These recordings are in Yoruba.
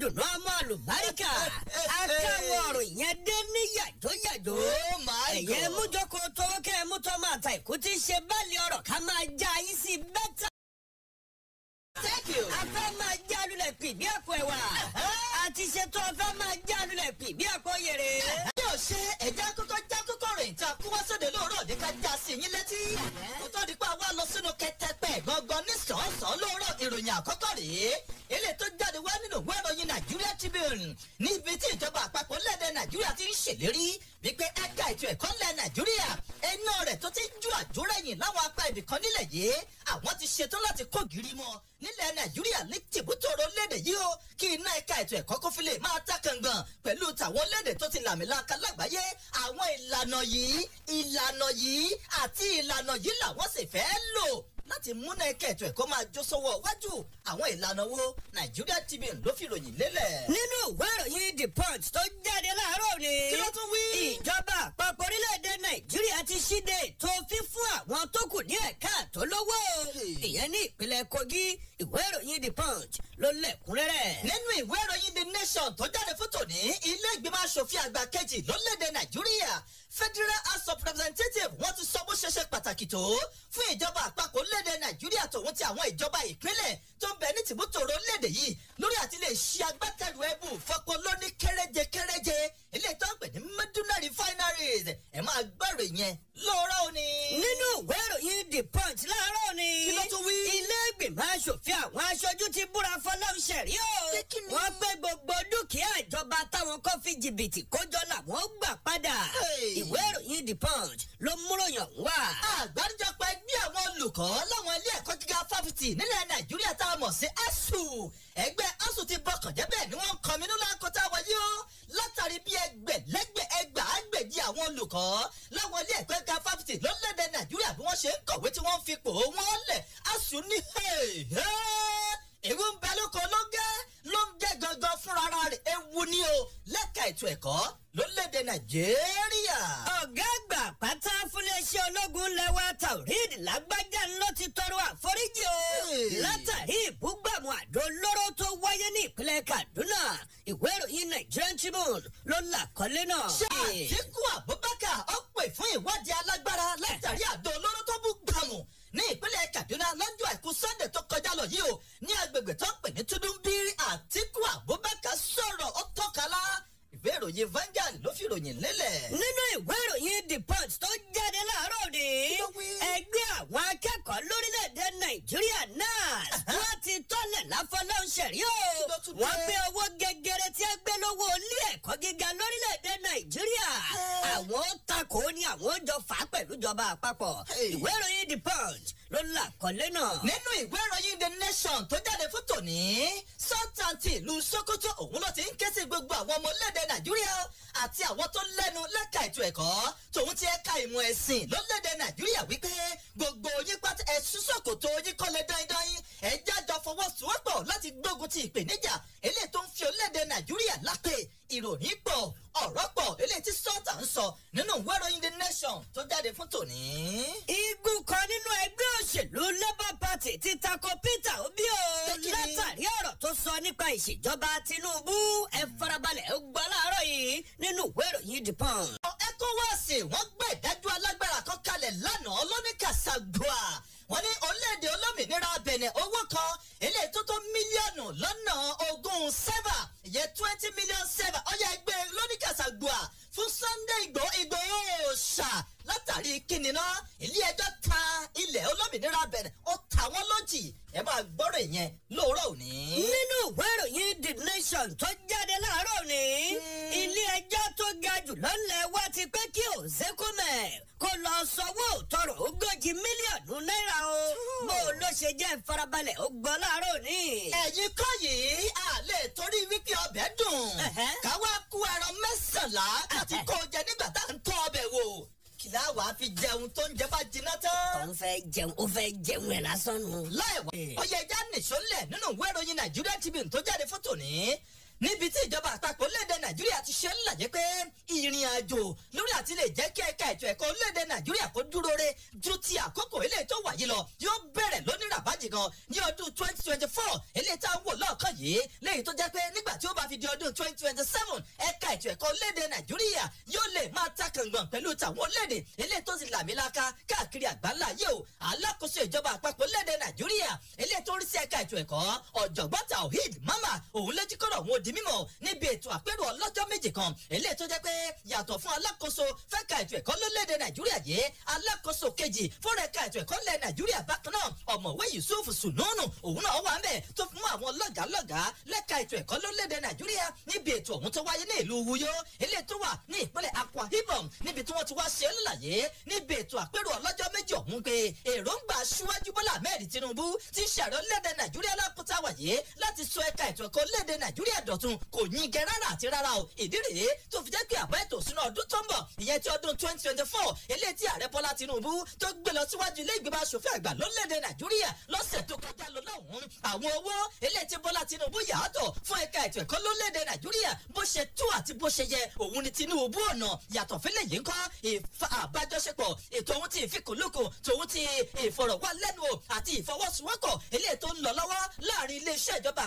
dùnú ọmọ àlùbáríkà akáwọ ọ̀rọ̀ yẹn dé ní yàjóyàjó ẹ̀yẹ mújọkọ tọwọ́ kẹ́ ẹ mú tọ́mọ tí ń ṣe báàlì ọ̀rọ̀ ká máa já yín sí bẹ́tà. a fẹ́ máa já lulẹ̀ pìgbẹ́ ẹ̀kọ́ ẹ̀wà. Ah, ah àti ṣètò ọ̀fẹ́ máa jálulẹ̀ pì bí ẹ̀kọ́ yèrè. bí o ṣe ẹja kókó já kókó rìn tá a kú wá sóde lóòrọ̀ ní ká já sí yín létí. kó tó di pa wá lọ sínú kẹtẹpẹ gbọ̀ngàn ní sọ̀ọ́sọ̀ lóòrọ̀ ìròyìn àkọ́kọ́ rèé eléyìí tó jáde wá nínú ìwé ìròyìn Nàìjíríà Tribune níbi tí ìjọba àpapọ̀ lẹ́dẹ̀ Nàìjíríà ti ń ṣèlérí wípé ẹ̀ka ètò ẹ̀kọ́ ńlẹ̀ Nàìjíríà ẹnu rẹ̀ tó ti ń ju àjórẹ̀yìn láwọn apá ibìkan nílẹ̀ yìí àwọn ti ṣetán láti kó gírí mọ́ nílẹ̀ Nàìjíríà ní tìbútòrò léde yìí o kí iná ẹ̀ka ètò ẹ̀kọ́ kọ́kọ́ fi lè máa ta kàngbọ̀n pẹ̀lú tàwọn léde tó ti làmìlaka lágbàáyé àwọn ìlànà yìí ìlànà yìí àti ìlànà yìí làwọn sì fẹ́ lò láti múná ẹkẹ ètò ẹ̀kọ́ máa jó sọ́wọ́ wájú àwọn ìlànà wo Nigeria Tribune ló fi ròyìn lélẹ̀. nínú ìwé ìròyìn The Punch tó jáde láàárọ̀ ni. kí ló tún wí. ìjọba àpapọ̀ orílẹ̀-èdè Nàìjíríà ti ṣíde ètò fífún àwọn tó kù ní ẹ̀ka tó lówó. ìyẹn ní ìpínlẹ̀ Kogi ìwé ìròyìn The Punch ló lẹ́kúnrẹ́rẹ́. nínú ìwé ìròyìn The Nation tó jáde fún tòní ilé ìgbìmọ̀ asòfin àgbà kejì lórílẹ̀-èdè Nàìjíríà Federal House of Representatives wọ́n ti sọ bó ṣe ṣe pàtàkì tó fún ìjọba àpapọ̀ lédè nàìjíríà tòun ti àwọn ìjọba ìpínlẹ̀ tó ń bẹ ní tìmútòrò lédè yìí lórí àti lè ṣe agbátẹrù ẹbù fọpọ lóní kéréje kéréje ilé tó ń pè ní meduna refineries ẹ máa gbọ́rọ̀ yẹn lóòrọ̀ òní. nínú ìwé ìròyìn the punch láàárọ̀ ni ilé ìgbìmọ̀ asòfin àwọn aṣojú ti búra fọlọ́ọ̀ṣẹ̀rí o wọ́n gbé gbogbo dúkìá ìjọba táwọn kò fi jìbìtì kójọ làwọn gbà padà ìwé ìròyìn the punch ló múròyìn wá. àgbáríjọ nípa ẹgbẹ́ àwọn olùkọ́ láwọn ilé ẹ̀kọ́ gíga fáfitì nílẹ̀ nàìjíríà tá a mọ̀ sí ASUU ẹgbẹ́ ASUU ti bọkàn jẹ́ bẹ́ẹ̀ ni wọ́n ń kọmi nínú akọ́tà wáyé o látàrí bí ẹgbẹ̀lẹ́gbẹ̀ ẹgbàágbèjì àwọn olùkọ́ láwọn ilé ẹ̀kọ́ gíga fáfitì lọ́lẹ́dẹ̀ẹ́ nàìjíríà bí wọ́n ṣe ń kọ̀wé tí wọ́n ń fipò wọ́n lẹ̀ ASUU ni hẹ́ẹ̀ hẹ́ẹ́ ewu ń bẹ lóko ló ń gé ló ń jẹ gangan fúnra rẹ̀ ewu ni o lẹ́ka ètò ẹ̀kọ́ lórílẹ̀‐èdè nàìjíríà. ọ̀gá àgbà pátá fúnléeṣẹ́ ológun lẹ́wà taurid lágbájá ló ti tọrọ àforíjì o. látàrí ìbúgbàmù àdó olóró tó wáyé ní ìpínlẹ̀ kaduna ìwé ìròyìn nigerian tribune ló làkọlé náà. ṣé àtìkú abubakar ó pè fún ìwádìí alágbára látàrí àdó olóró tó bú gbàmù ní ìpínlẹ̀ Kaduna lọ́jọ́ àìkú Sunday tó kọjá lọ yìí o ní agbègbè tó ń pè ní Tudunbiri Àtíkù Abubakar sọ̀rọ̀ ó tọ́kala ìwé ìròyìn Vanguard ló fi ròyìn lélẹ̀. nínú ìwé ìròyìn The Punch tó jáde láàárọ̀ òde ẹgbẹ́ àwọn akẹ́kọ̀ọ́ lórílẹ̀‐èdè Nàìjíríà náà wọ́n ti tọ́lẹ̀ láfọlọ́ńṣẹ̀rí o wọ́n gbé owó gẹ́gẹ́rẹ́ tí a gbé lọ́wọ́ ilé ẹ̀kọ́ gíga lórílẹ̀‐èdè Nàìjíríà àwọn ó ta èkó ní àwọn jọ fà á pẹ̀lú ìjọba àpapọ̀ ìwé ìròyìn the punch ló là kọ́lé náà. nínú ìwé ìròyìn the nation tó jáde fún tòní sọ́tàǹtì ìlú sokoto òun ló ti ń ké sí gbogbo àwọn ọmọ orílẹ̀-èdè nàìjíríà àti àwọn tó lẹ́nu lẹ́ka ètò ẹ̀kọ́ tòun ti ẹ̀ka ìmọ̀ ẹ̀sìn lórílẹ̀-èdè nàìjíríà wípé gbogbo yín pátá ẹ̀sùn sokoto yín kọ́lé dáindáin ẹ̀ jájọ fọwọ́sowọ́pọ̀ láti gbógun ti ìpèníjà eléyìí tó ń fi orílẹ̀-èdè nàìjíríà lápè ìròyìn pọ̀ ọ̀rọ̀ pọ̀ eléyìí tí sọ́ọ̀tà ń sọ nínú ìwé ìròyìn the nation tó jáde fún tòní. igun kan nínú ẹgbẹ́ olóṣèlú labour party ti tako peter obi o látàrí ọ̀rọ̀ tó sọ nípa ìṣèjọba tinubu ẹ farabalẹ̀ gbọ́ láàárọ̀ yìí nínú ìwé ìròyìn the pound. ecowas wọ́n gbẹ̀dájú alágbára kan kalẹ̀ lánàá lóníkàsàgbọ́à wọ́n ní orílẹ̀-èdè olómìnira Benin owó kan eléyìí tó tó mílíọ̀nù lọ́nà ogún sẹ́fà ìyẹn twenty million sẹ́fà ọjà ẹgbẹ́ e lóníkàsàgbà fún Sunday Igboho Igboho ṣà látàrí kíni náà ilé ẹjọ́ ta ilẹ̀ olómìnira Benin ó ta wọ́n lójì ẹ máa gbọ́rọ̀ ìyẹn lóòrọ̀ òní. nínú ìwé ìròyìn The Nation tó jáde láàárọ̀ òní hmm. ilé ẹjọ́ tó ga jù lọ́nà wá ti pé kí Ozekhome kó lọ sọ́wọ́ òótọ́ ṣe jẹ́ ìfarabalẹ̀ ó gbọ́ láàárọ̀ ni. ẹ̀yin kọ́ yìí a lè torí wípé ọbẹ̀ dùn káwá kú ẹran mẹ́sànlá láti kó jẹ nígbà tá à ń tọ́ ọbẹ̀ wò kìlá wàá fi jẹun tó ń jẹ bá jiná tán. òun fẹ́ jẹun ó fẹ́ jẹun ẹ̀ lásán nù. láìwá ọyẹ ẹja nínú ìwé ìròyìn Nàìjíríà Tribune tó jáde fótó ní níbi tí ìjọba àpapọ̀ léde nàìjíríà ti ṣe ń làjẹ́ pé ìrìn àjò lórí àti lè jẹ́ kí ẹ̀ka ètò ẹ̀kọ́ léde nàìjíríà kó dúró re ju ti àkókò eléyìí tó wáyé lọ yóò bẹ̀rẹ̀ lónìí ràbájì gan ní ọdún twenty twenty four eléyìí tá a wò lọ́ọ̀kan yìí léyìí tó jẹ́ pé nígbà tí ó bá fi di ọdún twenty twenty seven ẹ̀ka ètò ẹ̀kọ́ léde nàìjíríà yóò lè máa ta kàngàn pẹ̀lú tàwọn léde eléyìí tó ti làmìlaka káàkiri àgbáńlá yìí o alákòóso ìjọba àpapọ̀ léde nàìjíríà eléyìí tó ń rí sí ẹ̀ka ètò ẹ̀kọ́ ọ̀jọ̀gbọ́n taohid mama òun lójú kọ́rọ̀ òun ò di mímọ̀ níbi ètò àpérò ọlọ́jọ́ méje kan eléyìí tó jẹ́ pé yàtọ̀ fún alákòóso fẹ́ka ètò ẹ̀kọ́ lórílẹ̀‐èdè nàìjíríà yìí alákòóso kejì fúnra ẹ̀ka ètò ẹ̀kọ́ lẹ̀ nàìjíríà bákan náà ọ̀mọ̀wé yusuf sununu òun náà wà mẹ́ tó fún àwọn lọ́gàálọ́gàá lẹ́ka ètò ẹ̀kọ́ lórílẹ̀‐èdè nàìjíríà níbi ètò ọ̀hún tó wáyé ní ìlú wuyo eléyìí tó wà ní ìpínlẹ̀ akwa ibom níbi tí wọ́n ti wá ṣe lálàyé níbi ètò àpérò ọlọ́jọ́ méjì ọ̀hún pé èròǹgbà aṣíwájú bọ́lá ahmed tinubu ti ṣàrọ̀ lẹ́dẹ̀ nàìjíríà lákòótá wáyé láti sọ ẹ̀ka ètò ẹ̀kọ́ lẹ́dẹ̀ nàìjíríà d dọ̀tun kò yín gẹ rárá àti rárá o ìdí rèé tó fi jẹ́ pé àbá ètò ìsúná ọdún tó ń bọ̀ ìyẹn ti ọdún twenty twenty four eléyìí tí ààrẹ bọ́lá tinubu tó gbé lọ síwájú ilé ìgbìmọ̀ asòfin àgbà lórílẹ̀‐èdè nàìjíríà lọ́sẹ̀ tó kọjá lọ lọ́hùn-ún àwọn owó eléyìí tí bọ́lá tinubu yàtọ̀ fún ẹ̀ka ètò ẹ̀kọ́ lórílẹ̀‐èdè nàìjíríà bó ṣe tó àti bó ṣe yẹ òun ni tinubu ọ̀nà yàtọ̀ fílẹ̀ yìí ń kọ́ àbájọṣepọ̀ ètò òun ti ìfikùnlukùn tòun ti ìfọ̀rọ̀wálẹ́nuwò àti ìfọwọ́sowọ́pọ̀ eléyìí tó ń lọ lọ́wọ́ láàrin iléeṣẹ́ ìjọba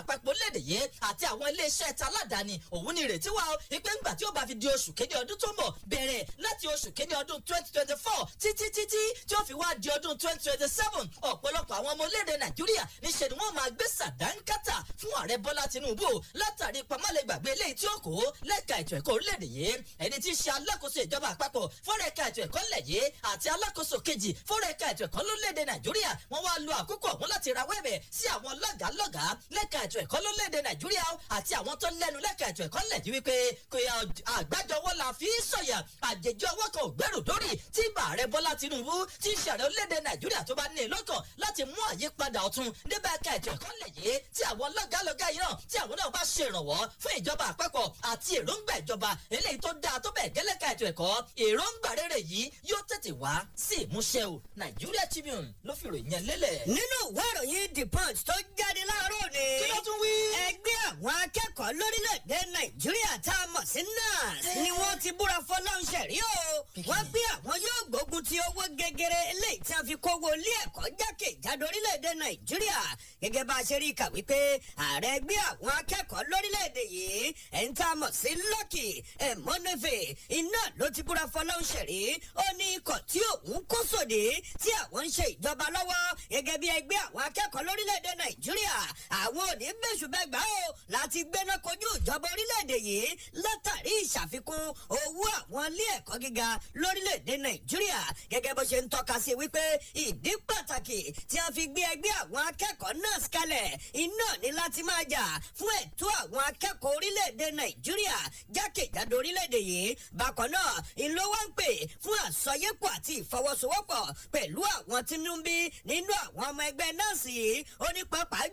iléeṣẹ́ taládàáni òun ni ìrètí wa ìpè ńgbà tí ó bá fi di oṣù kéde ọdún tó ń bọ̀ bẹ̀rẹ̀ láti oṣù kéde ọdún twenty twenty four títí títí tí ó fi wá di ọdún twenty twenty seven ọ̀pọ̀lọpọ̀ àwọn ọmọ orílẹ̀-èdè nàìjíríà níṣẹ́ ni wọ́n máa gbé sàdánkátà fún ààrẹ bọ́lá tinubu látàrí pamọ́lẹ́gbàgbé eléyìí tí ó kó lẹ́ka ètò ẹ̀kọ́ orílẹ̀-èdè yìí ẹni tí í ṣe alákòóso ìjọba àpapọ̀ fọ́rẹ́ka ètò ẹ̀kọ́ lẹ̀ yìí àti alákòóso kejì fọ́rẹ́ka ètò ẹ̀kọ́ lórílẹ̀-èdè nàìjíríà wọ́n wá lo àkókò ọ̀hún láti rawọ́ ẹ̀bẹ̀ sí àwọn lọ́gàá lọ́gàá lẹ́ka ètò ẹ̀kọ́ lórílẹ̀-èdè nàìjíríà àti àwọn àwọn tó lẹ́nu lẹ́ka ètò ẹ̀kọ́ lẹ̀ jí wípé àgbájọwọ́ la fi sọ̀yà àjèjì ọwọ́ kan ò gbẹ́rù dórí tí bàárẹ̀ Bọ́lá Tinubu ti ṣàrẹ orílẹ̀ Nàìjíríà tó bá ní lọ́kàn láti mú àyípadà ọ̀tun níbẹ̀ ẹ̀ka ètò ẹ̀kọ́ lẹ̀ tí àwọn lọ́gàlọ́gà yìí náà tí àwọn náà bá ṣe ìrànwọ́ fún ìjọba àpapọ̀ àti èròǹgbà ìjọba eléyìí tó dáa tó bẹ̀ gẹ́lẹ́ka ètò ẹ̀kọ́ èròǹgbà rere yìí yóò tètè wá sí ìmúṣẹ o Nigeria Tribune ló fi ròyìn yẹn lélẹ̀. nínú ìwé ìròyìn The Punch tó jáde láàárọ̀ ni. kí ló tún àwọn akẹ́kọ̀ọ́ lórílẹ̀‐èdè nàìjíríà tá a mọ sinners ni wọ́n ti búra fọláńṣẹ́ rí o wọ́n pé àwọn yóò gbógun ti owó gegere eléyìí tí a fi kówó ilé ẹ̀kọ́ jákèjádò orílẹ̀-èdè nàìjíríà gẹ́gẹ́ bá a ṣe rí i kà wípé ààrẹ gbé àwọn akẹ́kọ̀ọ́ lórílẹ̀-èdè yìí ẹ̀ń tá a mọ̀ sí lọ́kì ẹ̀mọ́nẹ́fẹ̀ iná ló ti búra fọláńṣẹ́ rí ó ní ikọ̀ tí òun kó sòdè tí àwọn ń ṣe ìjọba lọ́wọ́ gẹ́gẹ́ bí ẹgbẹ́ àwọn akẹ́kọ̀ọ́ lórílẹ̀-èdè nàìjíríà àwọn òní bẹ́sùbẹ́gbà o láti gbéná kojú ìjọba orílẹ̀-èdè yìí lọ́t látàrí ìṣàfikún owó àwọn ilé ẹ̀kọ́ gíga lórílẹ̀‐èdè nàìjíríà gẹ́gẹ́ bó ṣe ń tọ́ka sí wípé ìdí pàtàkì tí a fi gbé ẹgbẹ́ àwọn akẹ́kọ̀ọ́ náà kalẹ̀ iná ní láti máa jà fún ẹ̀tọ́ àwọn akẹ́kọ̀ọ́ orílẹ̀‐èdè nàìjíríà jákèjádò orílẹ̀‐èdè yìí bákan náà ìlú ń pè fún àsọyépọ̀ àti ìfọwọ́sowọ́pọ̀ pẹ̀lú àwọn tínúbí nínú àwọn ọmọ ẹgbẹ́ náà sì ó ní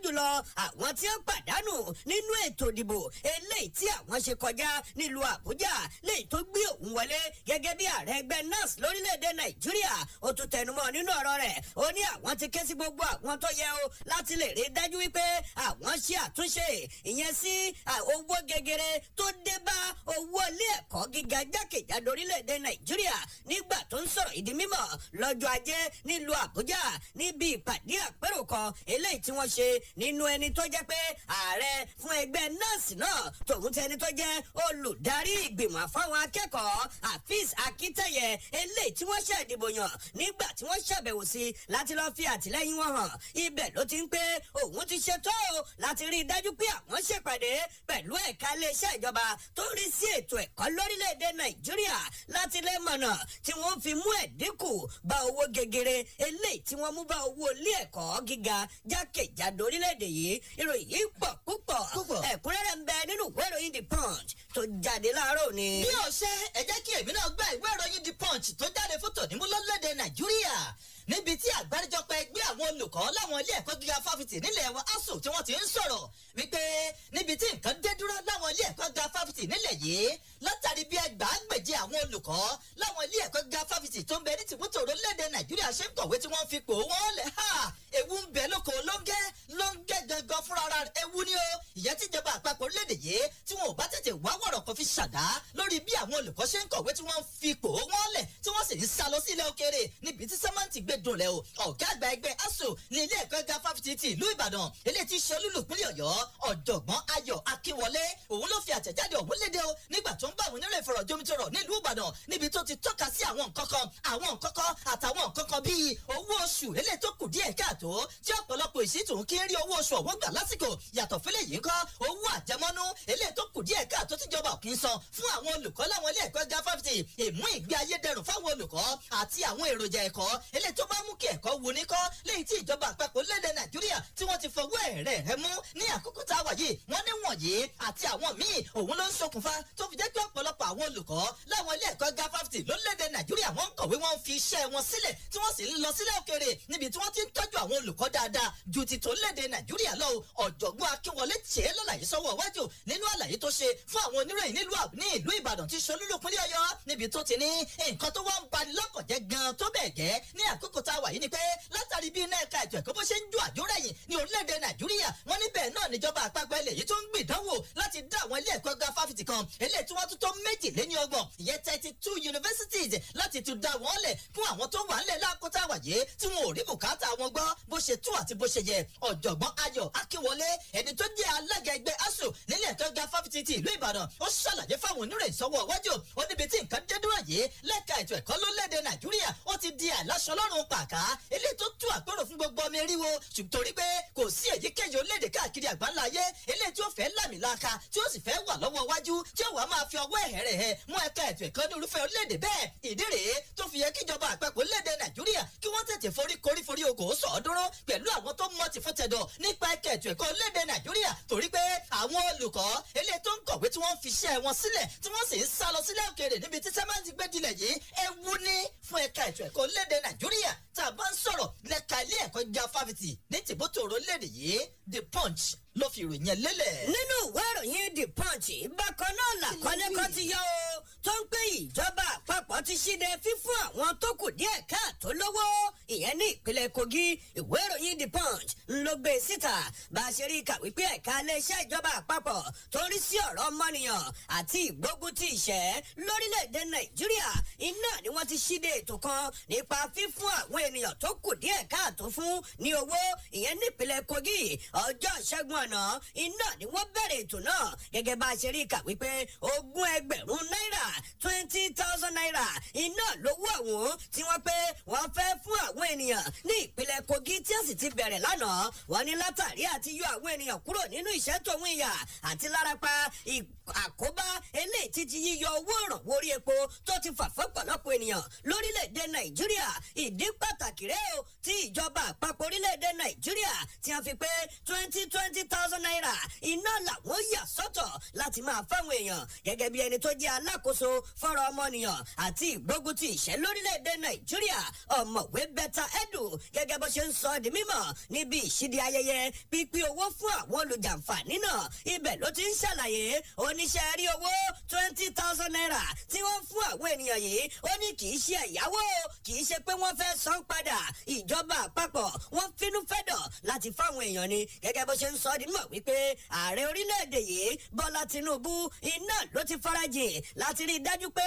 jùlọ àwọn tí wọ́n pàdánù nínú ètò ìdìbò eléyìí tí àwọn ṣe kọjá ní nílùú àbújá léyìí tó gbé òun wọlé gẹ́gẹ́ bí ààrẹ ẹgbẹ́ nas lórílẹ̀‐èdè nàìjíríà ó tún tẹnumọ́ nínú ọ̀rọ̀ rẹ̀ ó ní àwọn ti ké sí gbogbo àwọn tó yẹ o láti lè rí dájú wípé àwọn ṣe àtúnṣe ìyẹn sí owó gegere tó dé bá owó ilé ẹ̀kọ́ gíga jákèjádò orílẹ̀‐èdè nàìjíríà nígbà tó ń sọ̀rọ̀ ìdí mímọ̀ lọ́jọ́ ajé nílùú àbújá níbi ìpàdé àpérò kan eléyìí tí wọ́n ṣe nínú ẹni tó jẹ́ pé ààrẹ fún ẹgbẹ́ nọ́ọ̀sì náà tòun ti tó jẹ́ olù olùdarí ìgbìmọ̀ fáwọn akẹ́kọ̀ọ́ hafiz akintayẹ eléyìí tí wọ́n ṣe ìdìbò yàn nígbà tí wọ́n ṣàbẹ̀wò sí i láti lọ́ọ́ fi àtìlẹ́yìn wọn hàn ibẹ̀ ló ti ń pé òun ti ṣe o láti rí i dájú pé àwọn ṣèpàdé pẹ̀lú ẹ̀ka iléeṣẹ́ ìjọba tó ń rí sí ètò ẹ̀kọ́ lórílẹ̀‐èdè nàìjíríà láti lè mọ̀nà tí wọ́n fi mú ẹ̀dínkù bá owó gegere eléyìí tí wọ́n mú bá owó ilé ẹ̀kọ́ gíga jákèjádò orílẹ̀-èdè yìí ìròyìn pọ̀ púpọ̀ jáde láàárọ̀ ni. bí ó ṣe ẹ jẹ́ kí èmi náà gba ìwé ìròyìn The Punch tó jáde fún tòní mú lọ́lẹ́dẹ̀ Nàìjíríà níbi tí àgbáríjọpọ̀ ẹgbẹ́ àwọn olùkọ́ láwọn ilé ẹ̀kọ́ gíga fáfitì nílẹ̀ wa ASUU tí wọ́n ti ń sọ̀rọ̀ wípé níbi tí nǹkan dé dúró láwọn ilé ẹ̀kọ́ gíga fáfitì nílẹ̀ yìí látàrí bí ẹgbàágbèje àwọn olùkọ́ láwọn ilé ẹ̀kọ́ gíga fáfitì tó ń bẹ ní tìbútò orílẹ̀-èdè Nàìjíríà ṣe ń kọ̀wé tí wọ́n fi pò wọ́n lẹ̀ ha ewu ń bẹ lóko lóńgẹ́ lóńgẹ́ gangan fúnra ewu ni o ìyẹn tíjọba àpapọ̀ orílẹ̀-èdè yìí tí wọn ò bá tètè wá wọ̀rọ̀ kan fi ṣàdá lórí bí àwọn olùkọ́ ṣe ń kọ̀wé tí wọ́n fi pò wọ́n lẹ̀ tí wọ́n sì ń sá lọ sí ilẹ̀ amẹ́dùnlẹ̀ o ọ̀gá àgbà ẹgbẹ́ aso ní ilé ẹ̀kọ́ ga fáfitì ti ìlú ìbàdàn eléyìí ti ṣe olúlu ìpínlẹ̀ ọ̀yọ́ ọ̀jọ̀gbọ́n ayọ̀ akínwọlé òun ló fi àtẹ̀jáde ọ̀hún léde o nígbà tó ń bá àwọn onírè ìfọ̀rọ̀ jomitoro nílùú ìbàdàn níbi tó ti tọ́ka sí àwọn nǹkankan àwọn nǹkankan àtàwọn nǹkankan bíi owó oṣù eléyìí tó kù díẹ̀ káàtó tí ọ̀pọ̀lọpọ̀ ìṣítù ń kí ń rí owó oṣù ọ̀wọ́ gbà lásìkò yàtọ̀ fẹ́lẹ̀ yìí ń kọ́ owó àjẹmọ́nú eléyìí tó kù díẹ̀ káàtó tíjọba kì í san fún àwọn olùkọ́ láwọn ilé ẹ̀kọ́ ga ìmú ìgbé ayé dẹrùn fáwọn olùkọ́ àti àwọn èròjà ẹ̀kọ́ eléyìí tó tó bá mú kí ẹ̀kọ́ wò ní kọ́ lẹ́yìn tí ìjọba àpapọ̀ lédè nàìjíríà tí wọ́n ti fọwọ́ ẹ̀rẹ̀ rẹ̀ mú ní àkókò tá a wà yìí wọ́n ní wọ̀nyí àti àwọn míì òun ló ń ṣokùnfà tó fi jẹ́ pé ọ̀pọ̀lọpọ̀ àwọn olùkọ́ láwọn ilé ẹ̀kọ́ gafafti lórílẹ̀‐èdè nàìjíríà wọ́n ń kọ̀wé wọ́n fi iṣẹ́ wọn sílẹ̀ tí wọ́n sì ń lọ sílẹ̀ òkèèrè níbi tí wọ́n ti ń tọ́jú àwọn olùkọ́ dáadáa ju ti torílẹ̀‐èdè nàìjíríà lọ ọ̀jọ̀gbọ́n akínwọlé tiẹ̀ lọ́làyé sọ́wọ́ iwájú nínú àlàyé tó ṣe fún àwọn oníròyìn ní ìlú ìbàdàn tí solúlùkúnlé ọ̀yọ́ níbi tó ti ní nǹkan tó wá ń bani gan tó bẹ́ẹ̀ gẹ́ ní àkókò àkókò tá a wà yìí ni pé látàrí bí iná ẹ̀ka ètò ẹ̀kọ́ bó ṣe ń ju àjórẹ̀yìn ní orílẹ̀-èdè nàìjíríà wọ́n níbẹ̀ náà níjọba àpapọ̀ ilẹ̀ yìí tó ń gbìdánwò láti dá àwọn ilé ẹ̀kọ́ ga fáfitì kan eléyìí tí wọ́n tún tó méjì lé ní ọgbọ̀n ìyẹn thirty two universities láti tún dá wọn lẹ̀ fún àwọn tó wà ńlẹ̀ lákòótá wà yìí tí wọn ò rí bùkátà wọn gbọ́ bó ṣe tú àti bó ṣe yẹ ọ̀jọ̀gbọ́n ayọ̀ akínwọlé ẹni tó jẹ́ alága ẹgbẹ́ asu nílẹ̀ ẹ̀kọ́ ga fáfitì ti ìlú ìbàdàn ó ṣàlàyé fáwọn onírè ìsọwọ́ iwájú ó níbi tí nǹkan dé dúró yìí lẹ́ka ètò ẹ̀kọ́ lórílẹ̀‐èdè nàìjíríà ó ti di àìláṣọ lọ́rùn pàká eléyìí tó tú àpérò fún gbogbo ọmọ eriwo torí pé kò sí èyíkéyìí orílẹ̀ káàkiri àgbáńlá ayé eléyìí tí ó fẹ́ lámìlaka tí ó sì fẹ́ wà lọ́wọ́ iwájú tí ó wà máa fi ọwọ́ ẹ̀hẹ́rẹ̀ hẹ mú ẹ̀ka ètò ẹ̀kọ́ ní irúfẹ́ orílẹ̀ bẹ́ẹ̀ ìdí rèé tó fi yẹ kíjọba àpapọ̀ orílẹ̀ nàìjíríà kí wọ́n tètè forí korí forí okòó sọ̀ ọ́ dúró pẹ̀lú àwọn tó mọ̀tì fún tẹ̀dọ̀ ní nàìjíríà tá a bá ń sọ̀rọ̀ lẹ́ka ilé ẹ̀kọ́ gíga fáfitì ní tìbútò orílẹ̀-èdè yìí the punch ló fi ìròyìn ẹ lélẹ̀. nínú ìwé ìròyìn the punch bákan náà làkọ́lé kan ti yọ o tó ń pè ìjọba àpapọ̀ ti ṣíde fífún àwọn tó kù díẹ̀ káàtó lọ́wọ́ ìyẹn ní ìpínlẹ̀ kogi ìwé ìròyìn the punch ló gbé e síta bá a ṣe rí kà wípé ẹ̀ka iléeṣẹ́ ìjọba àpapọ̀ tó ń rí sí ọ̀rọ̀ ọmọnìyàn àti ìgbógun ti ìṣẹ́ lórílẹ̀‐èdè nàìjíríà iná ni wọ́n ti ṣíde ètò kan nípa fífún àwọn ènìyàn tó kù díẹ̀ káàtó fún ní owó ìyẹn ní ìpínlẹ̀ kogi ọjọ́ ìṣẹ́gun àná iná ni wọ́n bẹ̀rẹ̀ ètò náà gẹ́gẹ́ bá a ṣe rí kà wípé ogún ẹgbẹ̀rún náírà twenty thousand naira iná lówó àwọn tí wọ́n pé wọ́n fẹ́ fún àwọn ènìyàn ní ìpínlẹ̀ kogi tí a sì ti bẹ̀rẹ̀ lánàá wọ́n ní látàrí àti yọ àwọn ènìyàn kúrò nínú ìṣẹ́ tòun ìyà àti lárapa àkóbá eléyìí ti ti yíyọ owó ìrànwọ́ orí epo tó ti fà fọ́pọ̀lọpọ̀ ènìyàn lórílẹ̀‐èdè nàìjíríà ìdí pàtàkì rẹ̀ o tí ìjọba àpapọ̀ orílẹ̀‐èdè nàìjíríà tí a fi pé twenty twenty thousand naira iná làwọn láti máa fáwọn èèyàn gẹ́gẹ́ bí ẹni tó jẹ́ alákòóso fọ́rọ̀ ọmọnìyàn àti ìgbógunti ìṣẹ́ lórílẹ̀‐èdè nàìjíríà ọ̀mọ̀wé bẹ́tà ẹ̀dù gẹ́gẹ́ bó ṣe ń sọ di mímọ̀ níbi ìṣídìí ayẹyẹ pípín owó fún àwọn olùjàǹfààní náà ibẹ̀ ló ti ń ṣàlàyé oníṣẹ́ rí owó twenty thousand naira tí wọ́n fún àwọn ènìyàn yìí ó ní kì í ṣe ẹ̀yáwó kì í ṣe pé wọ́n fẹ́ san padà ìjọba àpapọ̀ wọ́n finú fẹ́dọ̀ láti fáwọn èèyàn ni gẹ́gẹ́ bó ṣe ń sọ di mímọ̀ wípé ààrẹ orílẹ̀-èdè yìí Tinubu iná ló ti farajìn láti rí i dájú pé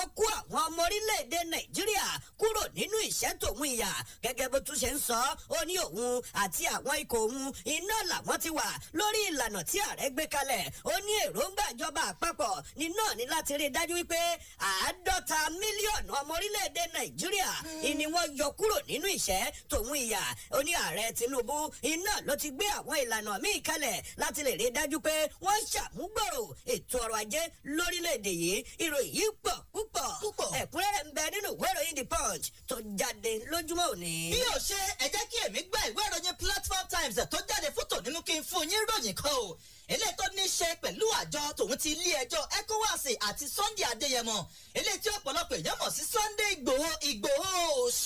ọkú àwọn ọmọ orílẹ̀-èdè Nàìjíríà kúrò nínú ìṣẹ́ tòun ìyà gẹ́gẹ́ bó tún ṣe ń sọ ó ní òun àti àwọn ikọ̀ òun iná làwọn ti wà lórí ìlànà tí ààrẹ gbé kalẹ̀ ó ní èròǹgbà ìjọba àpapọ̀ ni náà ní láti rí i dájú wípé àádọ́ta mílíọ̀nù ọmọ orílẹ̀-èdè Nàìjíríà ni wọ́n yọ kúrò nínú ìṣẹ́ tòun ìyà ó ní ààrẹ Tinubu iná ló ti gbé àwọn ìlànà míì kalẹ̀ láti lè rí i dájú pé wọ́n ṣàmúgbòrò ètò ọrọ̀ ajé lórílẹ̀‐èdè yìí ìròyìn yìí pọ̀ púpọ̀ púpọ̀ ẹ̀kúnrẹ́rẹ́ ń bẹ nínú ìwé ìròyìn the punch tó jáde lójúmọ́ òní. bí o ṣe ẹ jẹ́ kí èmi gba ìwé ìròyìn platform times tó jáde fótó nínú kí n fún yín ròyìn kan o eléyìí tó ní í ṣe pẹ̀lú àjọ tòun ti ilé ẹjọ́ ECOWAS àti Sunday Adéyẹmọ eléyìí tí ọ̀pọ̀lọpọ̀ èèyàn mọ̀ sí Sunday Ìgbòho Ìgbòho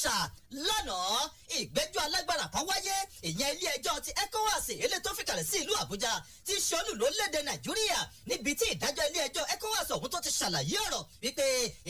ṣà lánàá ìgbẹ́jọ́ alágbára kan wáyé ìyẹn ilé ẹjọ́ ti ECOWAS èlé tó fìkàlẹ̀ sí ìlú Àbújá ti ṣọ́nù lórílẹ̀‐èdè Nàìjíríà níbi tí ìdájọ́ ilé ẹjọ́ ECOWAS ọ̀hún tó ti ṣàlàyé ọ̀rọ̀ wípé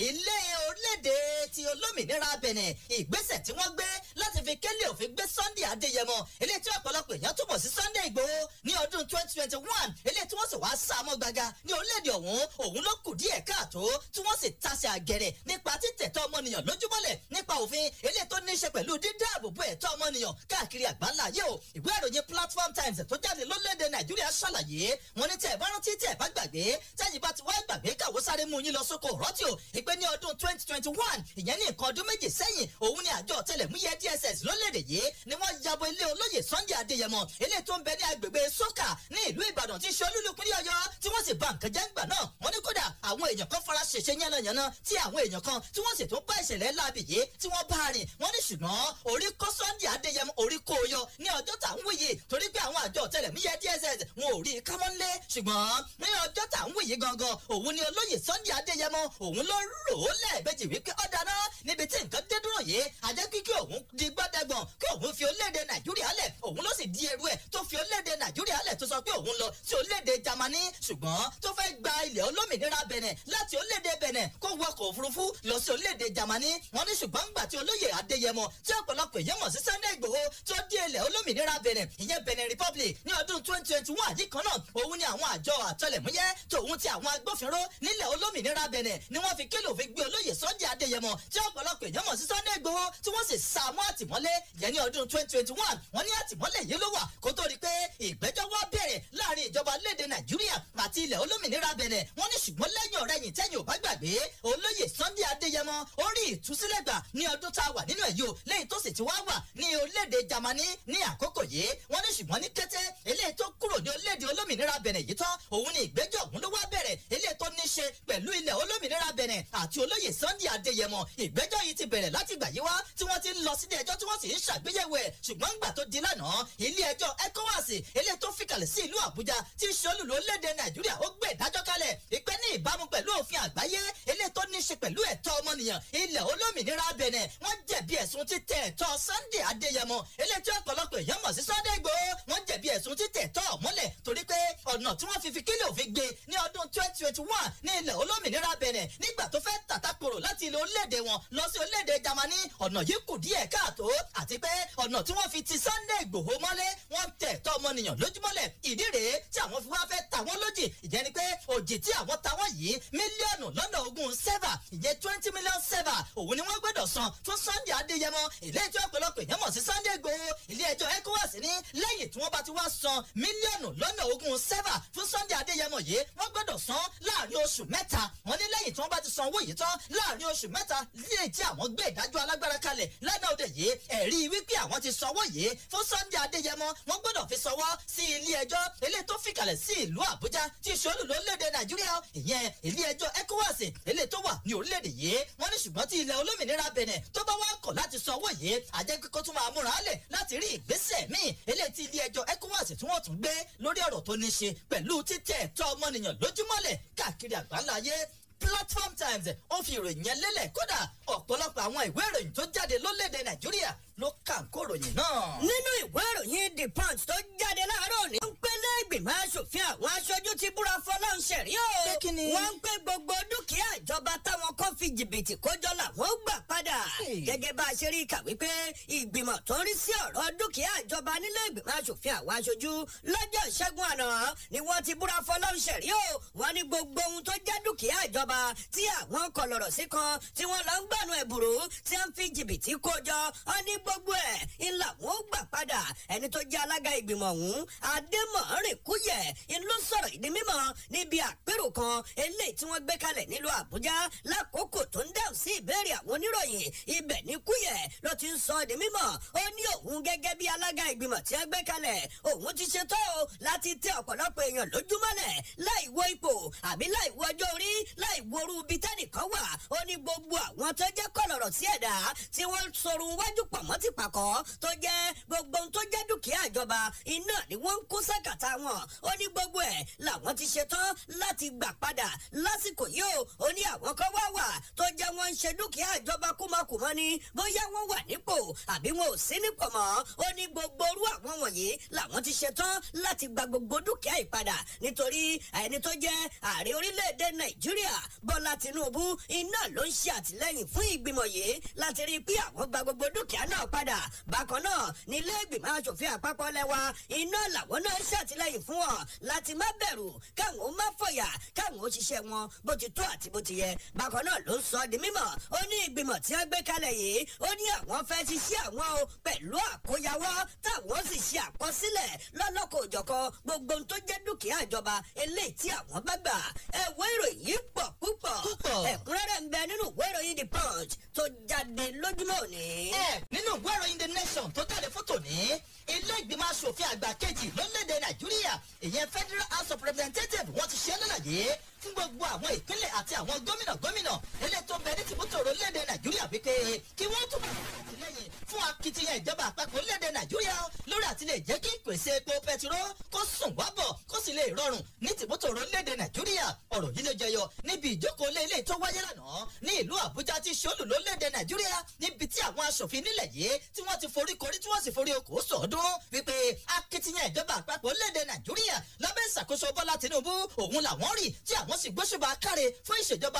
ilé orílẹ̀‐èdè ti olómìnira Bẹ̀nẹ̀ ìgbésẹ̀ tí wọ́n gbé láti fi kélé òfin gbé Sunday Adéyẹmọ ilé tí ọ̀pọ̀lọpọ̀ èèyàn túbọ̀ sí Sunday Ìgbòho ní ọdún 2021 ilé tí wọ́n sì wá sáàmọ́ gbaga ní orílẹ̀‐èdè ọ̀hún òun ló kù díẹ̀ káàtó tí wọ́n sì tasẹ̀ àgẹ̀rẹ̀ nípa títẹ̀tọ́ ọmọnìyàn lójúmọ́lẹ̀ nípa òfin ilé tó n ní í ṣe pẹ̀lú dídáàbòbò ẹ̀tọ́ ọmọnìyàn káàkiri àgbáńlá ayé o ìwé ìròyìn Platform Times tó jáde lólédè Nàìjíríà ṣàlàyé wọn ní tẹ̀ bá rántí tẹ̀ bá gbàgbé tẹ̀yìn bá ti wá gbàgbé káwọ́ sáré mú yín lọ sóko rọ́tì o ìpè ní ọdún twenty twenty one ìyẹn ní nǹkan ọdún méje sẹ́yìn òun ni àjọ ọ̀tẹlẹ̀múyẹ́ DSS lólédè yìí ni wọ́n yabo ilé olóyè Sunday Adéyẹmọ ilé tó ń bẹ ní agbègbè sókà ní ìlú Ìbàdàn tí ń ṣe olúlùpínlẹ̀ Ọ̀yọ́ tí wọ́n sì ba nǹkan jẹ́ ńgbà náà wọ́n ní kódà àwọn èèyàn kan fara ṣèṣe yánnayànna tí àwọn èèyàn kan tí wọ́n sì tún bá ìṣẹ̀lẹ̀ láàbì yìí tí wọ́n bá rìn wọ́n ní ní ṣùgbọ́n orí kó Sunday Adéyẹmọ orí kó yọ ní ọjọ́ tá ń wòye torí pé àwọn àjọ ọ̀tẹlẹ̀múyẹ́ DSS wọn ò rí i kámọ́nlé ṣùgbọ́n ní ọjọ́ tá ń wòye gangan òun ni olóyè Sunday Adéyẹmọ òun ló rò ó lẹ́ẹ̀mejì wípé ó dáná níbi tí nǹkan dé dúró yìí àjẹ́ kíkí òun di gbọ́dẹ̀gbọ̀n kí òun fi orílẹ̀-èdè Nàìjíríà lẹ̀ òun ló sì di ẹrú ẹ̀ tó fi orílẹ̀-èdè Nàìjíríà lẹ̀ tó sọ pé òun lọ sí orílẹ̀-èdè Jámánì ṣùgbọ́n tó fẹ́ gba ilẹ̀ olómìnira Bẹ̀nẹ̀ láti orílẹ̀-èdè Bẹ̀nẹ̀ kó wọkọ̀ òfurufú lọ sí orílẹ̀-èdè Jámánì wọ́n ní ṣùgbọ́n gbà tí olóyè Adéyẹ Adéyẹmọ tí ọ̀pọ̀lọpọ̀ èèyàn sí Sunday Ìgbòho tó dé ilẹ̀ olómìnira Benin ìyẹn Benin Republic ní ọdún twenty twenty one yìí kan náà òun ni àwọn àjọ àtọlẹ̀múyẹ́ tòun ti àwọn agbófinró nílẹ̀ olómìnira Benin ni wọ́n fi kílò fi gbé olóyè Sunday Adéyẹmọ tí ọ̀pọ̀lọpọ̀ èèyàn sí Sunday Ìgbòho tí wọ́n sì sá mọ́ àtìmọ́lé yẹn ní ọdún twenty twenty one wọ́n ní àtìmọ́lé yìí ló wà kó tó rí pé ìgbẹ́jọ́ wá bẹ̀rẹ̀ láàrin ìjọba a wà yìí o léyìí tó sì ti wá wà ní orílẹ̀-èdè Jámánì ní àkókò yìí wọ́n ní ṣùgbọ́n ní kété eléyìí tó kúrò ní orílẹ̀-èdè olómìnira Bẹ̀nẹ̀ yìí tán òun ni ìgbẹ́jọ́ ọ̀hún ló wá bẹ̀rẹ̀ eléyìí tó ní ṣe pẹ̀lú ilẹ̀ olómìnira Bẹ̀nẹ̀ àti olóyè Sunday Adéyẹmọ ìgbẹ́jọ́ yìí ti bẹ̀rẹ̀ láti gbà yí wá tí wọ́n ti ń lọ sílé ẹjọ́ tí wọ́n sì ń ṣàgbéyẹ̀wò ẹ̀ ṣùgbọ́n ńgbà tó di lánàá ilé ẹjọ́ ECOWAS eléyìí tó fìkàlẹ̀ sí ìlú Àbújá tí í ṣe olùlò léde Nàìjíríà ó gbé ìdájọ́ kalẹ̀ ìpẹ́ ní ìbámu pẹ̀lú òfin àgbáyé eléyìí tó ní ṣe pẹ̀lú ẹ̀tọ́ ọmọnìyàn ilẹ̀ olómìnira Bẹ̀nẹ̀ wọ́n jẹ̀bi ẹ̀s ẹ̀sùn títẹ̀ tọ́ Sunday Adéyẹmọ eléyìí tí ọ̀pọ̀lọpọ̀ èèyàn mọ̀ sí Sunday Igboho wọ́n jẹ̀bi ẹ̀sùn títẹ̀ tọ́ mọ́lẹ̀ torí pé ọ̀nà tí wọ́n fi fi kílẹ̀ òfin gbé ní ọdún twenty twenty one ní ilẹ̀ olómìnira Benin nígbà tó fẹ́ tàtàkùrọ̀ láti ilẹ̀ orílẹ̀-èdè wọn lọ sí orílẹ̀-èdè Germany ọ̀nà yìí kù díẹ̀ káàtó àti pé ọ̀nà tí wọ́n fi ti Sunday Igboho mọ́lẹ̀ wọ́n tẹ̀ tọ́ ọmọnìyàn lójúmọ́lẹ̀ ìdí rèé tí àwọn fi wá fẹ́ ta wọ́n lójì ìjẹ́ ni pé òjì ta wọ́n yìí mílíọ̀nù lọ́nà ogún sẹ́fà ìjẹ́ twenty million sẹ́fà òun ni wọ́n gbọ́dọ̀ san fún Sunday Adé yẹmọ eléyìí tí ọ̀pọ̀lọpọ̀ èèyàn mọ̀ sí Sunday Igboho ilé ẹjọ́ ECOWAS ní lẹ́yìn tí wọ́n bá ti wá san mílíọ̀nù lọ́nà ogún sẹ́fà fún Sunday Adéyẹmọ yìí wọ́n gbọ́dọ̀ san láàrin oṣù mẹ́ta wọ́n ní lẹ́yìn tí wọ́n bá ti san owó yìí tán láàrin oṣù mẹ́ta lè jẹ́ àwọn gbé ìdájọ́ alágbára kalẹ̀ lánàá òde yìí ẹ̀rí wípé àwọn ti sanwó yìí fún Sunday Adéyẹmọ wọ́n gbọ́dọ̀ fi sanwó sí ilé ẹjọ́ eléyìí tó fìkàlẹ̀ sí ìlú Àbújá tí ìṣòlù lórílẹ̀ láti san owó yìí àjẹ́ kíkọ́ tún máa múra lẹ̀ láti rí ìgbésẹ̀ míì eléyìí tí ilé ẹjọ́ ECOWAS tí wọ́n tún gbé lórí ọ̀rọ̀ tó ní ṣe pẹ̀lú títẹ̀ ẹ̀tọ́ ọmọnìyàn lójúmọ́lẹ̀ káàkiri àgbáńlá ayé platform times ó fi ìròyìn yẹn lélẹ̀ kódà ọ̀pọ̀lọpọ̀ àwọn ìwé ìròyìn tó jáde lórílẹ̀‐èdè nàìjíríà ló kà ń kó ròyìn náà. nínú ìwé ìròyìn the punch tó jáde láàárọ̀ ní. wọ́n ń pè lẹ́gbẹ̀mọ aṣòfin àwọn aṣojú ti búra fọlọ́run ṣẹ̀rí o. wọ́n ń pè gbogbo dúkìá ìjọba táwọn kan fi jìbìtì kójọ làwọn gbà padà. gẹ́gẹ́ bá a ṣe rí kà wípé ìgbìmọ̀ tó ń rí sí ọ̀rọ̀ dúkìá ìjọba nílé ìgbìmọ̀ aṣòfin àwọn aṣojú lọ́jọ́ ìṣẹ́gun àná ni wọ́n ti búra fọlọ́run ṣẹ̀rí o. wọ́n ní gbogbo ohun tó jẹ́ ìjọba tí àwọn kọ lọ̀rọ̀ sí kan tí wọ́n lọ ń gbànú ẹ̀bùrú tí wọ́n fi jìbìtì kó ọ ní gbogbo ẹ̀ ńlá wọn ó gbà padà ẹni tó jẹ́ alága ìgbìmọ̀ ọ̀hún adémọ̀rin kúyẹ̀ ńlọ sọ̀rọ̀ ìdí mímọ́ níbi àpérò kan eléyìí tí wọ́n gbé kalẹ̀ nílùú àbújá lákòókò tó ń dáhùn sí ìbéèrè àwọn oníròyìn ibẹ̀ ní kúyẹ̀ ló ti ń sọ ìdí mímọ́ ó ní òun gẹ́gẹ́ bí alága ìgbìmọ̀ tí wọ́n gbé kalẹ̀ òun ti ṣetán o láti tẹ ọ̀pọ̀lọpọ̀ èèyàn lójúmọ́lẹ̀ láì wo ipò àbí láì wo ọjọ́ orí láì ìwòrú ibi tẹ́nìkan wà ó ní gbogbo àwọn tó jẹ́ kọ̀lọ̀rọ̀ sí ẹ̀dá tí wọ́n sọ̀rọ̀ wájú pọ̀ mọ́ ti pàkọ́ tó jẹ́ gbogbo tó jẹ́ dúkìá ìjọba iná ni wọ́n ń kó sàkàtà wọn ó ní gbogbo ẹ̀ làwọn ti ṣetán láti gbà padà lásìkò yìí ó ní àwọn kan wá wà tó jẹ́ wọ́n ń ṣe dúkìá ìjọba kúmọkùmọ ni bóyá wọ́n wà nípò àbí wọn ò sí nípò mọ́ ó ní gbogbo orú àwọn wọ̀nyí làwọn ti ṣetán láti gba gbogbo dúkìá ìpadà nítorí ẹni tó jẹ́ ààrẹ orílẹ̀-èdè nàìjíríà bọ́lá tinúbú iná ló ń ṣe àtìlẹ́yìn fún ìgbìmọ̀ yìí láti rí i pé àwọn gba gbogbo dúkìá náà padà bákan náà nílé ìgbìmọ̀ asòfin àpapọ̀ lẹ́wà iná làwọn náà ń ṣàtìlẹ́yìn fún ọ láti má bẹ̀rù káwọn ó má fọ̀yà káwọn ó ṣiṣẹ́ wọn bó ti tó àti bó ti yẹ bákan náà ló sọ di mímọ̀ ó ní ìgbìmọ̀ tí wọ́n gbé kalẹ̀ yìí ó ní àwọn fẹ́ ṣiṣẹ́ àwọn o pẹ̀lú àkóyawọ́ táwọn sì ṣe àkọsílẹ̀ lọ́lọ́kọ̀ òjọ̀kan gbogbo tó jẹ́ dúkìá ìjọba eléyìí tí àwọn bá gbà ẹ̀wọ́ ìròyìn pọ̀ púpọ̀ púpọ̀ ẹ̀kúnrẹ́rẹ́ ń bẹ nínú ìwé ìròyìn the punch tó jáde lójúmọ́ òní. ẹ nínú ìwé ìròyìn the nation tó jáde fótó ní ilé ìgbìmọ̀ asòfin àgbà kejì lórílẹ̀‐èdè nàìjíríà ìyẹn federal house of representatives wọ́n ti ṣe lálàyé fún gbogbo àwọn ìpínlẹ̀ àti àwọn gómìnà gómìnà elétò bẹ̀rẹ̀ tìbútò orílẹ̀‐èdè nàìjíríà wípé kí wọ́n túbọ̀ fún akitiyan ìjọba àpapọ̀ orílẹ̀-èdè nàìjíríà lórí àtìlẹ̀ jẹ́ kí ìpèsè epo pẹtiró kó sùn wábọ̀ kó sì lè rọrùn ní tìbútò orílẹ̀-èdè nàìjíríà ọ̀rọ̀ yìí ló jẹyọ níbi ìjókòó lé ilé tó wáyé lánàá ní ìlú àbújá ti ṣolù lórílẹ̀-èdè nàìjíríà níbi tí àwọn aṣòfin nílẹ̀ yìí tí wọ́n ti forí korí tí wọ́n sì forí okòó sọ̀ọ́dún wípé akitiyan ìjọba àpapọ̀ orílẹ̀-èdè nàìjíríà lábẹ́ ìṣàkóso bọ́lá tinubu òun làwọn rì tí àwọn sì gbóṣùbà káre fún ìṣèjọba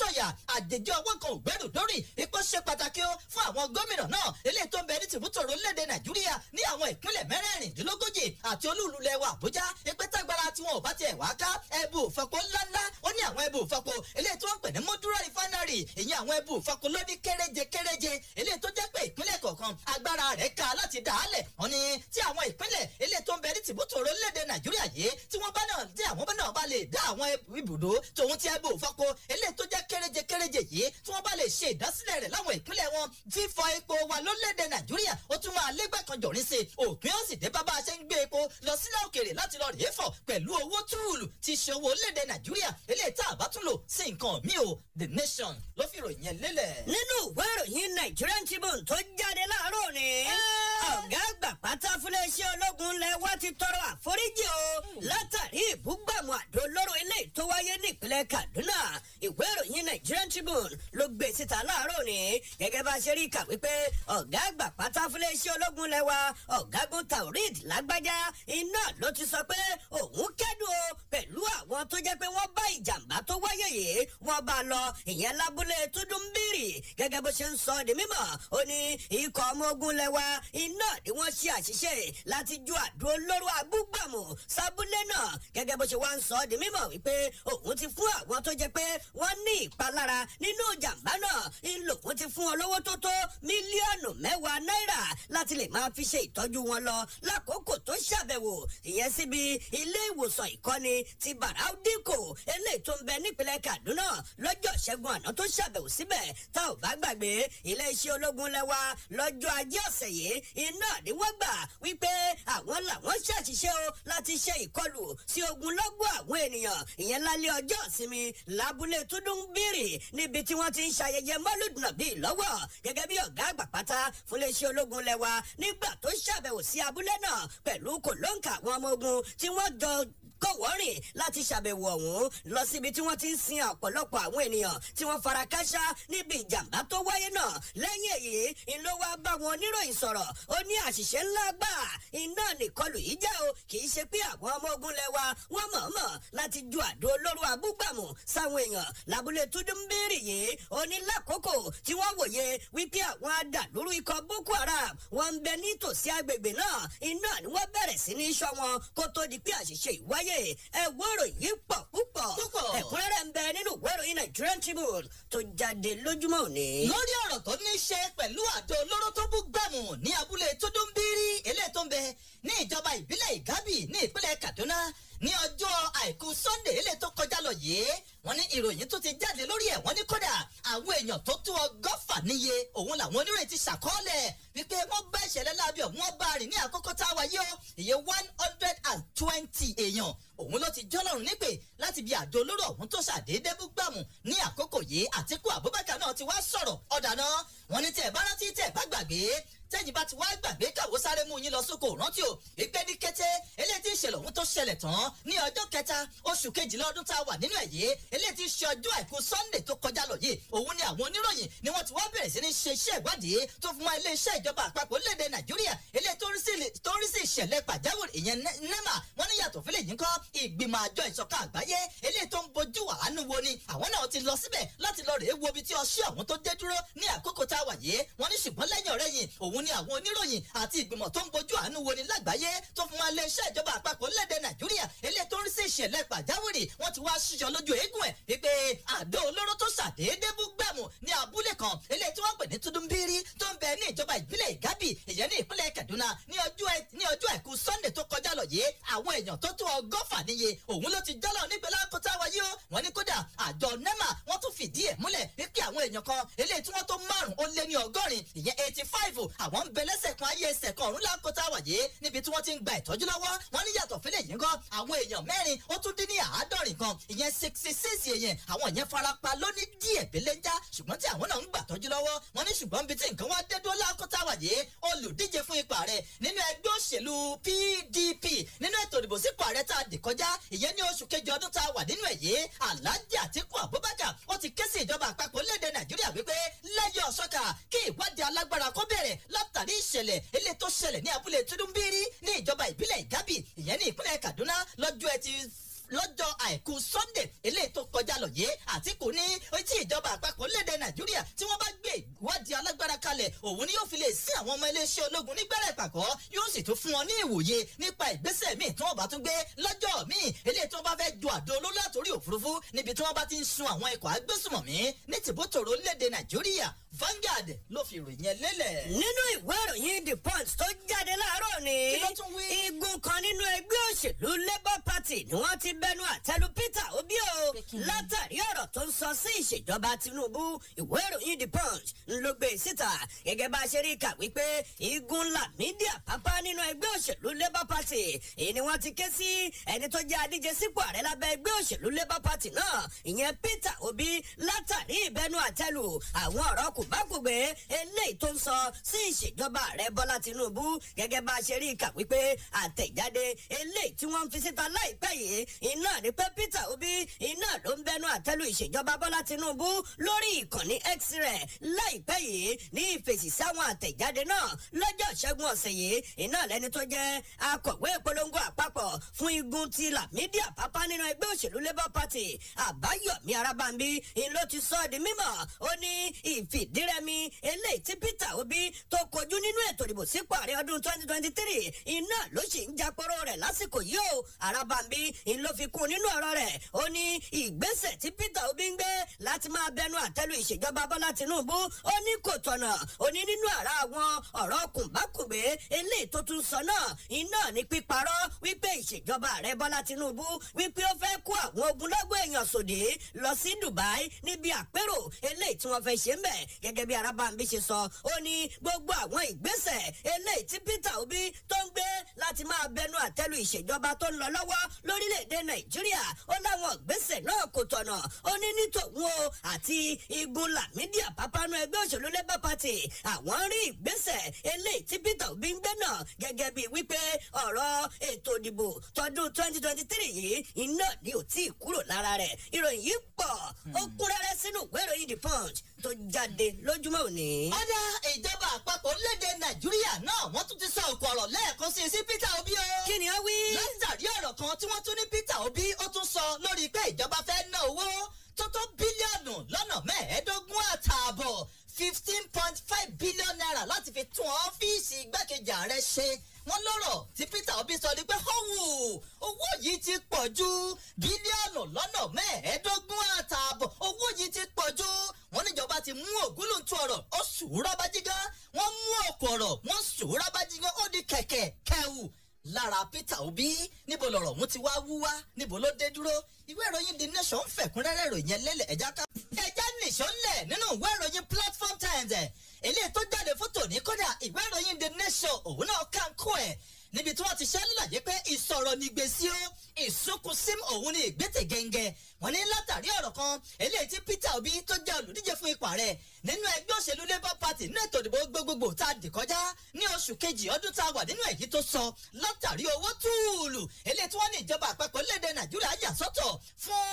sọ̀yà àdèjì ọwọ́ kan ògbẹ́rù lórí ipò ṣe pàtàkì o fún àwọn gómìnà náà eléyìí tó ń bẹ ní tìbútòrò orílẹ̀-èdè nàìjíríà ní àwọn ìpínlẹ̀ mẹ́rẹ̀ẹ̀rìndínlógójì àti olúùlú lẹwa àbújá ipẹ́ tágbára tí wọn ò bá tiẹ̀ wá ká ẹbu òfẹ́po ńláńlá ó ní àwọn ẹbu òfẹ́po eléyìí tó ń pè ní mọ́dúrà rìfánárì ìyẹn àwọn ẹbu òfẹ́po lóní kéréje kéréje eléyìí tó jẹ́ pé ìpínlẹ̀ kọ̀ọ̀kan agbára rẹ̀ ká láti dàálẹ̀ wọn ni tí àwọn ìpínlẹ̀ eléyìí tó ń bẹ ní tìbútòrò orílẹ̀-èdè nàìjíríà yìí tí wọ́n bá náà tí àwọn bá náà bá lè dá àwọn ibùdó tòun ti ẹbu òfẹ́po eléyìí tó tó jẹ́ kéréje kéréje yìí tí wọ́n bá lè ṣe ìdásílẹ̀ rẹ̀ láwọn ìpínlẹ̀ wọn fífọ epo wa lórílẹ̀‐èdè nàìjíríà ó tún máa lé gbẹ̀kanjọ̀rin sí i òpin ó sì dé bá bá a ṣe ń gbé epo lọ sílẹ̀ òkèèrè láti lọ rèé fọ̀ pẹ̀lú owó túùlù ti ṣe owó orílẹ̀‐èdè nàìjíríà eléyìí tá a bá tún lò sí nǹkan mi ò the nation ló fi ròyìn yẹn lélẹ̀. nínú ìwé ìròyìn Nigerian Tribune tó jáde láàárọ̀ ni. ẹ́ẹ́ ọ̀gá àgbà pátá fúnléeṣẹ́ ológun ilẹ̀ wa ti tọrọ àforíjì o látàrí ìbúgbàmù àdó olóró ilé tó wáyé nípínlẹ̀ Kaduna ìwé ìròyìn Nigerian Tribune ló gbé e síta láàárọ̀ ni gẹ́gẹ́ bá ṣe rí kà wípé ọ̀gá àgbà pátá fúnléeṣẹ́ ológun ilẹ̀ wa ọ̀gágun Taurid lágbájá iná ló ti sọ pé òun kẹ́dùn o pẹ̀lú àwọn tó jẹ́ pé wọ́n bá ìjàmbá tó wáyé yìí wọ́n bá lọ ìyẹn lábúlé Tudunbiri gẹ́gẹ́ bó ṣe ń sọ di mímọ̀ ó ní ikọ̀ ọmọ ogun lẹ́wà iná ni wọ́n ṣe àṣìṣe láti ju àdó olóró abúgbàmù sábúlé náà gẹ́gẹ́ bó ṣe wá ń sọ ọ́ di mímọ̀ wípé òun ti fún àwọn tó jẹ́ pé wọ́n ní ìpalára nínú ìjàmbá náà ńlòkun ti fún wọn lówó tó tó mílíọ̀nù mẹ́wàá náírà láti lè máa fi ṣe ìtọ́jú wọn lọ lákòókò tó ṣàbẹ̀wò ìyẹn síbi ilé ìwòsàn ìkọ́ni ti bàráúdínkù eléyìí tó ń bẹ nípínlẹ̀ Kaduna lọ́jọ́ ìṣẹ́gun àná tó ṣàbẹ̀wò síbẹ̀ tá ò bá gbàgbé iléeṣẹ́ ológun lẹ́wà lọ́jọ́ ajé ọ̀sẹ̀ yìí iná náà ni wọ́n gbà wípé àwọn làwọn ṣàṣìṣe o láti ṣe ìkọlù sí ogunlọ́gọ̀ àwọn ènìyàn ìyẹn lálẹ́ ọjọ́ ìsinmi lábúlé túndúnbírì níbi tí wọ́n ti ń ṣayẹyẹ mọ́lúdù nàbí lọ́wọ́ gẹ́gẹ́ bí ọ̀gá àgbà pátá fúnléṣẹ́ ológun lẹ́wà nígbà tó ṣàbẹ̀wò sí abúlé náà pẹ̀lú kòlóǹkà àwọn ọmọ ogun tí wọ́n jọ kọ̀wọ́rìn láti ṣàbẹ̀wò ọ̀hún lọ síbi tí wọ́n ti ń sin ọ̀pọ̀lọpọ̀ àwọn ènìyàn tí wọ́n fara káṣá níbi ìjàmbá tó wáyé náà lẹ́yìn èyí ń ló wá bá wọn oníròyìn sọ̀rọ̀ ó ní àṣìṣe ńlá gbà iná nìkọlù yìí jẹ́ o kì í ṣe pé àwọn ọmọ ogun lẹ́wà wọ́n mọ̀ọ́mọ̀ láti ju àdó olóró abúgbàmù sáwọn èèyàn lábúlé túndúmbìrì yìí ó ní lákòókò tí wọ́n wòye wípé àwọn adàlúrú ikọ̀ boko haram wọ́n ń bẹ nítòsí agbègbè náà iná ni wọ́n bẹ̀rẹ̀ sí ní í wọn kó tó di pé àṣìṣe ìwáyé láyè ẹ̀wọ́ ìròyìn pọ̀ púpọ̀ ẹ̀kúnrẹ́rẹ́ ń bẹ nínú ìwé ìròyìn Nigerian Tribune tó jáde lójúmọ́ òní. lórí ọ̀rọ̀ tó ní í ṣe pẹ̀lú àdó olóró tó bú gbẹ̀mù ní abúlé tó dún bírí eléyìí tó ń bẹ ní ìjọba ìbílẹ̀ ìgábì ní ìpínlẹ̀ Kaduna ní ọjọ́ àìkú Sunday ilé tó kọjá lọ yìí wọ́n ní ìròyìn tó ti jáde lórí ẹ̀ wọ́n ní kódà àwọn èèyàn tó tó ọgọ́fà níye òun làwọn oníròyìn ti ṣàkọọ́lẹ̀ wípé wọ́n bá ìṣẹ̀lẹ̀ lábẹ́ wọ́n bá rìn ní àkókò táwa yìí o one hundred and twenty èèyàn òun ló ti jọ́lọ́run nípè láti bí àdó olóró ọ̀hún tó ṣàdédé búgbàmù ní àkókò yìí Àtíkù Abubakar náà ti wá sọ̀rọ̀ ọ̀dàná wọn ní tẹ̀ bá rántí tẹ̀ bá gbàgbé tẹ́yìn bá ti wá gbàgbé káwọ́ sáré mú yín lọ sóko rántí o ìgbẹ́ ní kété eléyìí tí ìṣẹ̀lẹ̀ ọ̀hún tó ṣẹlẹ̀ tán ní ọjọ́ kẹta oṣù kejìlá ọdún tá a wà nínú ẹ̀yẹ eléyìí tí ṣe ọjọ́ àìkú Sunday tó kọjá lọ yìí òun ni àwọn oníròyìn ni wọ́n ti wá bẹ̀rẹ̀ sí ní ṣe iṣẹ́ ìwádìí tó fún wọn iléeṣẹ́ ìjọba àpapọ̀ léde Nàìjíríà eléyìí tó rí sí ìṣẹ̀lẹ̀ pàjáwìrì ìyẹn NEMA wọ́n ní yàtọ̀ fílẹ̀ yìí kọ́ ìgbìmọ̀ àjọ ìṣọ̀kan àgbáyé elé àánú wo ni àwọn náà ti lọ síbẹ̀ láti lọ rèé wo ibi tí ọṣẹ ọ̀hún tó dé dúró ní àkókò tá a wà yìí wọ́n ní ṣùgbọ́n lẹ́yìn ọ̀rẹ́ yìí òun ni àwọn oníròyìn àti ìgbìmọ̀ tó ń bójú àánú wo ni lágbàáyé tó fún wa iléeṣẹ́ ìjọba àpapọ̀ lẹ́dẹ̀ nàìjíríà eléyìí tó sí ìṣẹ̀lẹ̀ pàjáwìrì wọ́n ti wá ṣíṣọ lójú eégún ẹ̀ wípé àdó olóró tó ṣàdédé bú gbẹ̀mù ní abúlé kan eléyìí tí wọ́n pè ní tudunbiri tó ń bẹ ní ìjọba ìbílẹ̀ ìgábì ìyẹn ní ìpínlẹ̀ kaduna ní ọjọ́ àìkú sunday tó kọjá lọ yìí àwọn èèyàn tó tó ọgọ́fà níye òun ló ti jálọ̀ nípínlẹ̀ kó kódà àjọ nema wọ́n tún fìdí ẹ̀ múlẹ̀ wípé àwọn èèyàn kan eléyìí tí wọ́n tó márùn ó lé ní ọgọ́rin ìyẹn eighty five àwọn ń bẹ lẹ́sẹ̀ kan ayé ẹsẹ̀ kan ọ̀run lákòótá wàyé níbi tí wọ́n ti ń gba ìtọ́jú lọ́wọ́ wọ́n ní yàtọ̀ fílẹ̀ yìí gan àwọn èèyàn mẹ́rin ó tún dín ní àádọ́rin kan ìyẹn sixty six èèyàn àwọn yẹn farapa lóní díẹ̀ belenja ṣùgbọ́n tí àwọn náà ń gbàtọ́jú lọ́wọ́ wọ́n ní ṣùgbọ́n bíi tí nǹkan wá dé dúró lákòótá wàyé olùdíje fún ipò ààrẹ nínú ẹgbẹ́ òṣèlú PDP nínú ètò ìdìbò sípò ààrẹ tá a dì kọjá ìyẹn ní oṣù kejì ọdún tá a wà nínú ẹ̀yẹ àlá alhaji atiku abubakar ó ti ké sí ìjọba àpapọ̀ léde nàìjíríà wípé lẹ́yìn ọ̀ṣọ́ka kí ìwádìí alágbára kó bẹ̀rẹ̀ látàrí ìṣẹ̀lẹ̀ ilé tó ṣẹlẹ̀ ní abúlé tudunbiri ní ìjọba ìbílẹ̀ ìgábì ìyẹn ní ìpínlẹ̀ kaduna lọ́jọ́ ẹtì lọ́jọ́ àìkú sunday eléyìí tó kọjá lọ yé àtìkù ní ojú ìjọba àpapọ̀ léde nàìjíríà tí wọ́n bá gbé ìwádìí alágbára kalẹ̀ òun ni yóò fi lè sí àwọn ọmọ iléeṣẹ́ ológun nígbẹ̀rẹ̀ pàkọ́ yóò sì tún fún wọn ní ìwòye nípa ìgbésẹ̀ míì tí wọ́n bá tún gbé lọ́jọ́ míì eléyìí tí wọ́n bá fẹ́ ju àdó olólù àtòrí òfurufú níbi tí wọ́n bá ti ń sun àwọn ikọ̀ agbésùmọ̀mí ní tìbútòrò léde nàìjíríà Vanguard ló fi ìròyìn yẹn lélẹ̀. nínú ìwé ìròyìn the punch tó jáde láàárọ̀ ni igun kan nínú ẹgbẹ́ òṣèlú labour party ni wọ́n ti bẹnu àtẹ́lu Peter Obi o látàrí ọ̀rọ̀ tó ń sọ sí ìṣèjọba Tinubu ìwé ìròyìn the punch ló gbé e síta gẹ́gẹ́ bá a ṣe rí kà wípé igun Lamidi Apapa nínú ẹgbẹ́ òṣèlú labour party èyí ni wọ́n ti ké sí ẹni tó jẹ́ adíje sípò ààrẹ lábẹ́ ẹgbẹ́ òṣèlú labour party náà ìyẹn Peter Obi látàrí ìbẹnu àtẹ́lu àwọn ọ̀rọ̀ kù kòbákùgbé eléyìí tó ń sọ sí ìṣèjọba ààrẹ bọ́lá tinubu gẹ́gẹ́ bá a ṣe rí kà wípé àtẹ̀jáde eléyìí tí wọ́n ń fi síta láìpẹ́ yìí iná ni pé peter obi iná ló ń bẹnu àtẹ́lu ìṣèjọba bọ́lá tinubu lórí ìkànnì x ray láìpẹ́ yìí ní ìfèsì sáwọn àtẹ̀jáde náà lọ́jọ́ ṣẹ́gun ọ̀sẹ̀ yìí iná lẹ́ni tó jẹ́ akọ̀wé ìpolongo àpapọ̀ fún igun ti lamidi apapa nínú ẹgbẹ́ òṣèlú labour party àbáyọ̀mí arábàmbí ni ló ti sọ ọ́ di mímọ̀ ó ní ìfìd ìdírẹ́mi eléyìí tí Peter Obi tó kojú nínú ètò ìdìbò sípò ààrẹ ọdún twenty twenty three iná ló sì ń jàpọ̀rọ̀ rẹ̀ lásìkò yìí o Àràbàǹbí ń ló fi kún nínú ọ̀rọ̀ rẹ̀ ó ní ìgbésẹ̀ tí Peter Obi ń gbé láti máa bẹnu àtẹ́lu ìṣèjọba Bọ́lá Tinubu ó ní kò tọ̀nà ó ní nínú ara àwọn ọ̀rọ̀ kùnbákùnbé eléyìí tó tún sọ náà iná ní píparọ́ wípé ìṣèjọba ààrẹ Bọ́lá Tinubu wípé ó fẹ́ kó àwọn ogunlọ́gbọ̀ èèyàn sòdì lọ sí Dubai níbi àpérò eléyìí tí wọ́n fẹ́ ṣe ń bẹ̀ gẹ́gẹ́ bí arábàmbí ṣe sọ ó ní gbogbo àwọn ìgbésẹ̀ eléyìí tí Peter Obi tó ń gbé láti máa bẹnu àtẹ́lu ìṣèjọba tó ń lọ lọ́wọ́ lórílẹ̀‐èdè Nàìjíríà ó láwọn ìgbésẹ̀ náà kò tọ̀nà ó ní ní tòun o àti igun Lamidi Àpápánu ẹgbẹ́ òṣèlú Labour Party àwọn rí ìgbésẹ̀ eléyìí tí Peter Obi ń gbé náà gẹ́gẹ́ bí wípé ọ̀rọ̀ ètò ìdìbò tọdún three yìí iná ni ò tí ì kúrò lára rẹ̀ ìròyìn yìí pọ̀ ó kún rẹ́rẹ́ sínú ìwé ìròyìn The Punch tó jáde lójúmọ́ òní. ọ̀dà ìjọba àpapọ̀ léde nàìjíríà náà wọ́n tún ti sọ òkú ọ̀rọ̀ lẹ́ẹ̀kan sí sí Peter Obi o. kí ni ó wí. látàrí ọ̀rọ̀ kan tí wọ́n tún ní Peter Obi ó tún sọ lórí pé ìjọba fẹ́ ná owó tó tó bílíọ̀nù lọ́nà mẹ́ẹ̀ẹ́dógún àtààbọ̀ fifteen point five billion naira láti fi tún ọ́fíìsì igbákejì ààrẹ ṣe wọ́n lọ́rọ̀ tí Peter Obi sọ ni pé họ́wù owó yìí ti pọ̀ ju bílíọ̀nù lọ́nà mẹ́ẹ̀ẹ́dógún àtààbọ̀ owó yìí ti pọ̀ ju wọ́n níjọba ti mú ògúnlùntún ọ̀rọ̀ ó sùúrọ̀ bá jígán wọ́n mú ọ̀pọ̀ ọ̀rọ̀ wọ́n sùúrọ̀ bá jígán ó di kẹ̀kẹ́ kẹwù lára Peter Obi níbo lọ̀rọ̀ ọ̀hún ti wá wú wá níbo ló dé dúró ìwé ìròyìn The Nation ń fẹ̀kúnrẹ́rẹ́ ìròyìn ẹlẹ́lẹ̀ ẹ̀já ká ẹ̀já nìṣó lẹ̀ nínú ìwé ìròyìn Platform Times ẹ̀ eléyìí tó jáde fótó ní kódà ìwé ìròyìn The Nation òun náà kà ń kó ẹ̀ níbi tí wọ́n ti ṣẹ́ nílàyé pé ìsọ̀rọ̀ nígbèsí o ìsúnkún sim òun ní ìgbésẹ̀ gẹ́ngẹ́ wọ́n ní látàrí ọ̀rọ̀ kan eléyìí tí Peter Obi tó jẹ́ olùdíje fún ipò ààrẹ nínú ẹgbẹ́ òṣèlú Labour Party ní ètò ìdìbò gbogbogbò tá a dì kọjá ní oṣù kejì ọdún tá a wà nínú èyí tó sọ látàrí owó túùlù eléyìí tí wọ́n ní ìjọba àpapọ̀ léde Nàìjíríà yà sọ́tọ̀ fún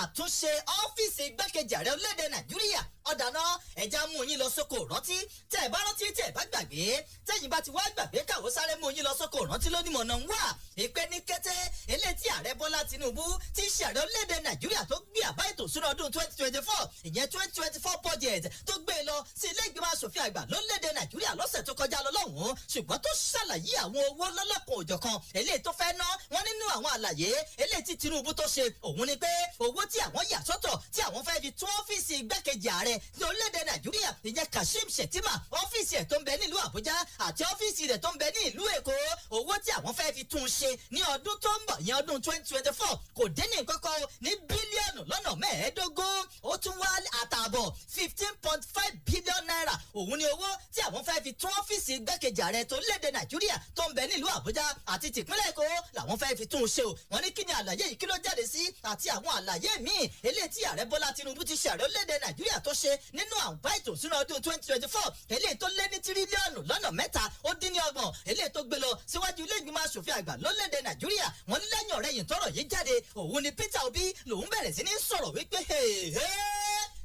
àtúnṣe ọ́fíìsì igbákejì ààrẹ léde Nàìjíríà ọ̀dàná ẹja mú yín lọ sóko rántí tẹ ẹ bá rántí tẹ ẹ bá gbàgbé tẹyìn bá ti wá gbàgbé káwọ sáré mú yín lọ sóko rántí lónìí mọ̀nà ń wà ìpè ní kété eléyìí tí ààrẹ bọ́lá tinubu ti ṣe ààrẹ orílẹ̀-èdè nàìjíríà tó gbé àbá ètò ìṣúná ọdún twenty twenty four ìyẹn twenty twenty four budget tó gbé e lọ sí ilé ìgbìmọ̀ asòfin àgbà lórílẹ̀-èdè nàìjíríà lọ́sẹ̀ tó kọjá lọ́lọ́hún ṣùgbọ́n tó ṣàlàyé àwọn owó lọ́lọ́kan òjọ̀kan eléyìí tó fẹ́ ná wọn nínú àwọn àlàyé eléyìí tí tinubu tó ṣe òun ni pé owó tí àwọn yà sọ́tọ̀ tí àwọn fẹ́ fi tún ọ́fíìsì igbákejì ààrẹ ní orílẹ̀-èdè nàìjíríà ìyẹn kashim shettima ọ́fíìsì ẹ̀ tó ń bẹ nílùú àbújá àti ọ́fíìsì rẹ̀ tó ń bẹ lọ́dún twenty twenty four kò dín ní kọ́kọ́ ní bílíọ̀nù lọ́nà mẹ́ẹ̀ẹ́dógún ó tún wá àtààbọ̀ fifteen point five billion naira òun ni owó tí àwọn fẹ́ fi tún ọ́fíìsì igbákejì ààrẹ tó léde nàìjíríà tó ń bẹ nílùú àbújá àti tìpínlẹ̀ èkó làwọn fẹ́ fi tún ṣe o wọ́n ní kí ni àlàyé yìí kí ló jáde sí àti àwọn àlàyé míì eléyìí tí ààrẹ bọ́lá tinubu ti ṣe ààrẹ léde nàìjíríà tó ṣe nínú àǹbá ètò ìṣúná ọdún twenty twenty four eléyìí tó lé ní tírílíọ̀nù lọ́nà mẹ́ta ó dín ní ọgbọ̀n eléyìí tó gbé lọ síwájú ilé ìgbìmọ̀ asòfin àgbà lólédè nàìjíríà wọ́n lẹ́yìn ọ̀rẹ́yìn tọ́rọ̀ yìí jáde òun ni Peter Obi lòun bẹ̀rẹ̀ sí ní sọ̀rọ̀ wípé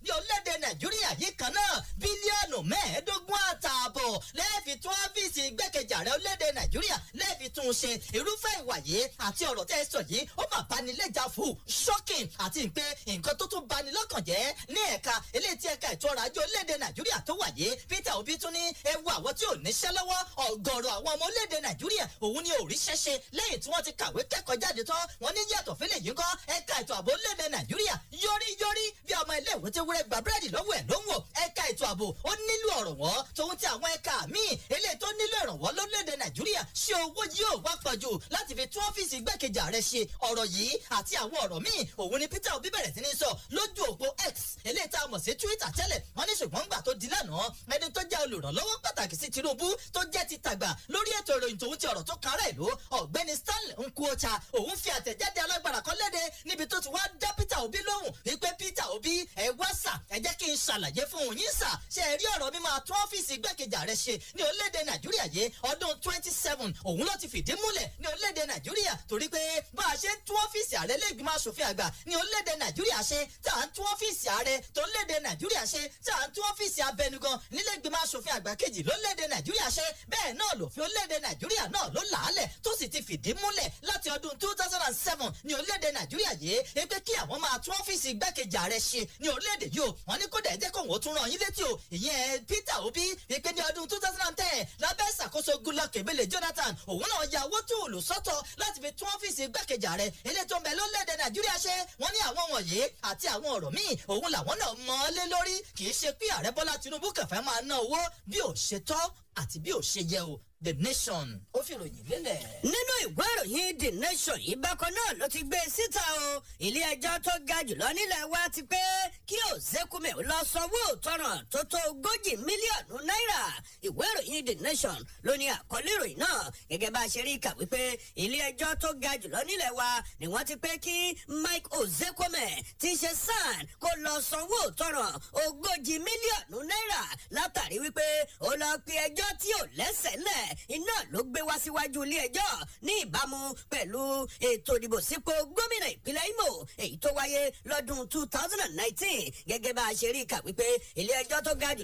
bí orílẹ̀-èdè nàìjíríà yìí kan náà bílíọ̀nù mẹ́ẹ̀ẹ́dógún àtààbọ̀ lẹ́ẹ̀fì tún ọ́fíìsì igbákejì ààrẹ orílẹ̀-èdè nàìjíríà lẹ́ẹ̀fì tún ṣe irúfẹ́ ìwà yìí àti ọ̀rọ̀ tẹ́ ẹ sọ yìí ó mà bani lẹ́jà fún shocking àti pé nǹkan tó tún bani lọ́kàn jẹ́ ní ẹ̀ka eléyìí tí ẹ̀ka ètò ọrọ̀ ajé orílẹ̀-èdè nàìjíríà tó wà yìí Peter Obi tún ní ewu àwọn tí ò níṣẹ́ lọ́wọ́ ọ̀gọ̀rọ̀ àwọn ọmọ orílẹ̀-èdè nàìjíríà òun ni òríṣẹ́ ṣe lẹ́yìn tí wọ́n ti kàwé kẹ́kọ̀ọ́ jáde tán wọ́n ní yàtọ̀ fẹ́lẹ̀ yìí kọ́ ẹ̀ka ètò ààbò orílẹ̀-èdè nàìjíríà yọrí yọrí bí ọmọ ilé ìwé ti wúr rẹ gba búrẹ́dì lọ́wọ́ ẹ̀ lóhùn o ẹ̀ka ètò ààbò ó nílò ọ̀rọ̀wọ́ tòun ti àwọn ẹ̀ka míì eléyìí tó nílò ìrànwọ́ lórílẹ̀‐èdè nàìjíríà ṣé owó yóò wá pọ̀jù láti fi tún ọ́fíìsì igbákejì ààrẹ ṣe ọ̀rọ̀ yìí àti àwọn ọ̀rọ̀ míì òun ni peter obi bẹ̀rẹ̀ sí ní sọ lójú òpó x eléyìí tá a mọ̀ sí twitter tẹ́lẹ̀ wọ́n ní ṣùgbọ́n gbà sà ẹ jẹ́ kí n ṣàlàyé fún un yín sà ṣe é rí ọ̀rọ̀ mi máa ọ́fíìsì igbákejì ààrẹ ṣe ní orílẹ̀-èdè nàìjíríà yé ọdún twenty seven òun ló ti fìdí múlẹ̀ ní orílẹ̀-èdè nàìjíríà torí pé bá a ṣe ń tún ọ́fíìsì ààrẹ lẹ́gbìmọ̀ asòfin àgbà ní orílẹ̀-èdè nàìjíríà ṣe tá à ń tún ọ́fíìsì ààrẹ tó orílẹ̀ nàìjíríà ṣe tá à ń tún ọ́fíìsì abẹnugan nílẹ̀gbìmọ̀ asòfin àgbà kejì lórílẹ̀ nàìjíríà ṣe bẹ́ẹ̀ náà lòfin orílẹ̀-èdè nàìjíríà náà ló làálẹ̀ tó sì ti fìdí múlẹ̀ láti ọdún two thousand and seven ní orílẹ̀-èdè nàìjíríà yé é pé kí àwọn máa tún ọ́fíìsì igbákejì ààrẹ ṣe ní orílẹ̀-èdè èyí o wọ́n ní kódà ẹ jẹ́ kóun ó tún ràn yín létí o ìyẹn Peter Obi wípé ní ọdún two thousand and ten lábẹ́ ìṣàkóso Goodluck Ebele Jonathan òun náà ya owó tùlù sọ́tọ̀ láti fi tún ọ́fíìsì igbákejì ààrẹ ilé tó ń bẹ lórílẹ̀‐èdè Nàìjíríà ṣe wọ́n ní àwọn wọ̀nyí àti àwọn ọ̀rọ̀ míì òun làwọn náà mọ́ lé lórí kì í ṣe pé ààrẹ Bọ́lá Tinubu kẹfẹ́ máa ná owó bí ò ṣe tọ́ àti bí ò ṣe yẹ o the nation. ó fi ròyìn lélẹ̀. nínú ìwé ìròyìn the nation yìí bákan náà ló ti gbé e síta o ilé ẹjọ́ tó ga jùlọ nílẹ̀ wa ti pé kí òzekúmi ò lọ sanwó òtọ́ràn tó tó ogójì mílíọ̀nù náírà ìwé ìròyìn the nation ló ní àkọlé ìròyìn náà gẹ́gẹ́ bá a ṣe rí i kà wípé ilé ẹjọ́ tó ga jùlọ nílẹ̀ wa ni wọ́n ti pé kí mike òzekúmi ti ṣe sàn kó lọ sanwó òtọ́ràn ogójì mílíọ̀nù náírà látàrí wípé ó lọ pe ẹjọ́ tí ò lẹ́sẹ̀ lẹ̀ rẹ̀ iná ló gbé wá síwájú ilé ẹjọ́ ní ìbámu pẹ̀lú ètò ìdìbò sípò gómìnà ìpínlẹ̀ Imo èyí tó wáyé lọ́dún two thousand and nineteen gẹ́gẹ́ bá a ṣe rí kà wípé ilé ẹjọ́ tó ga jù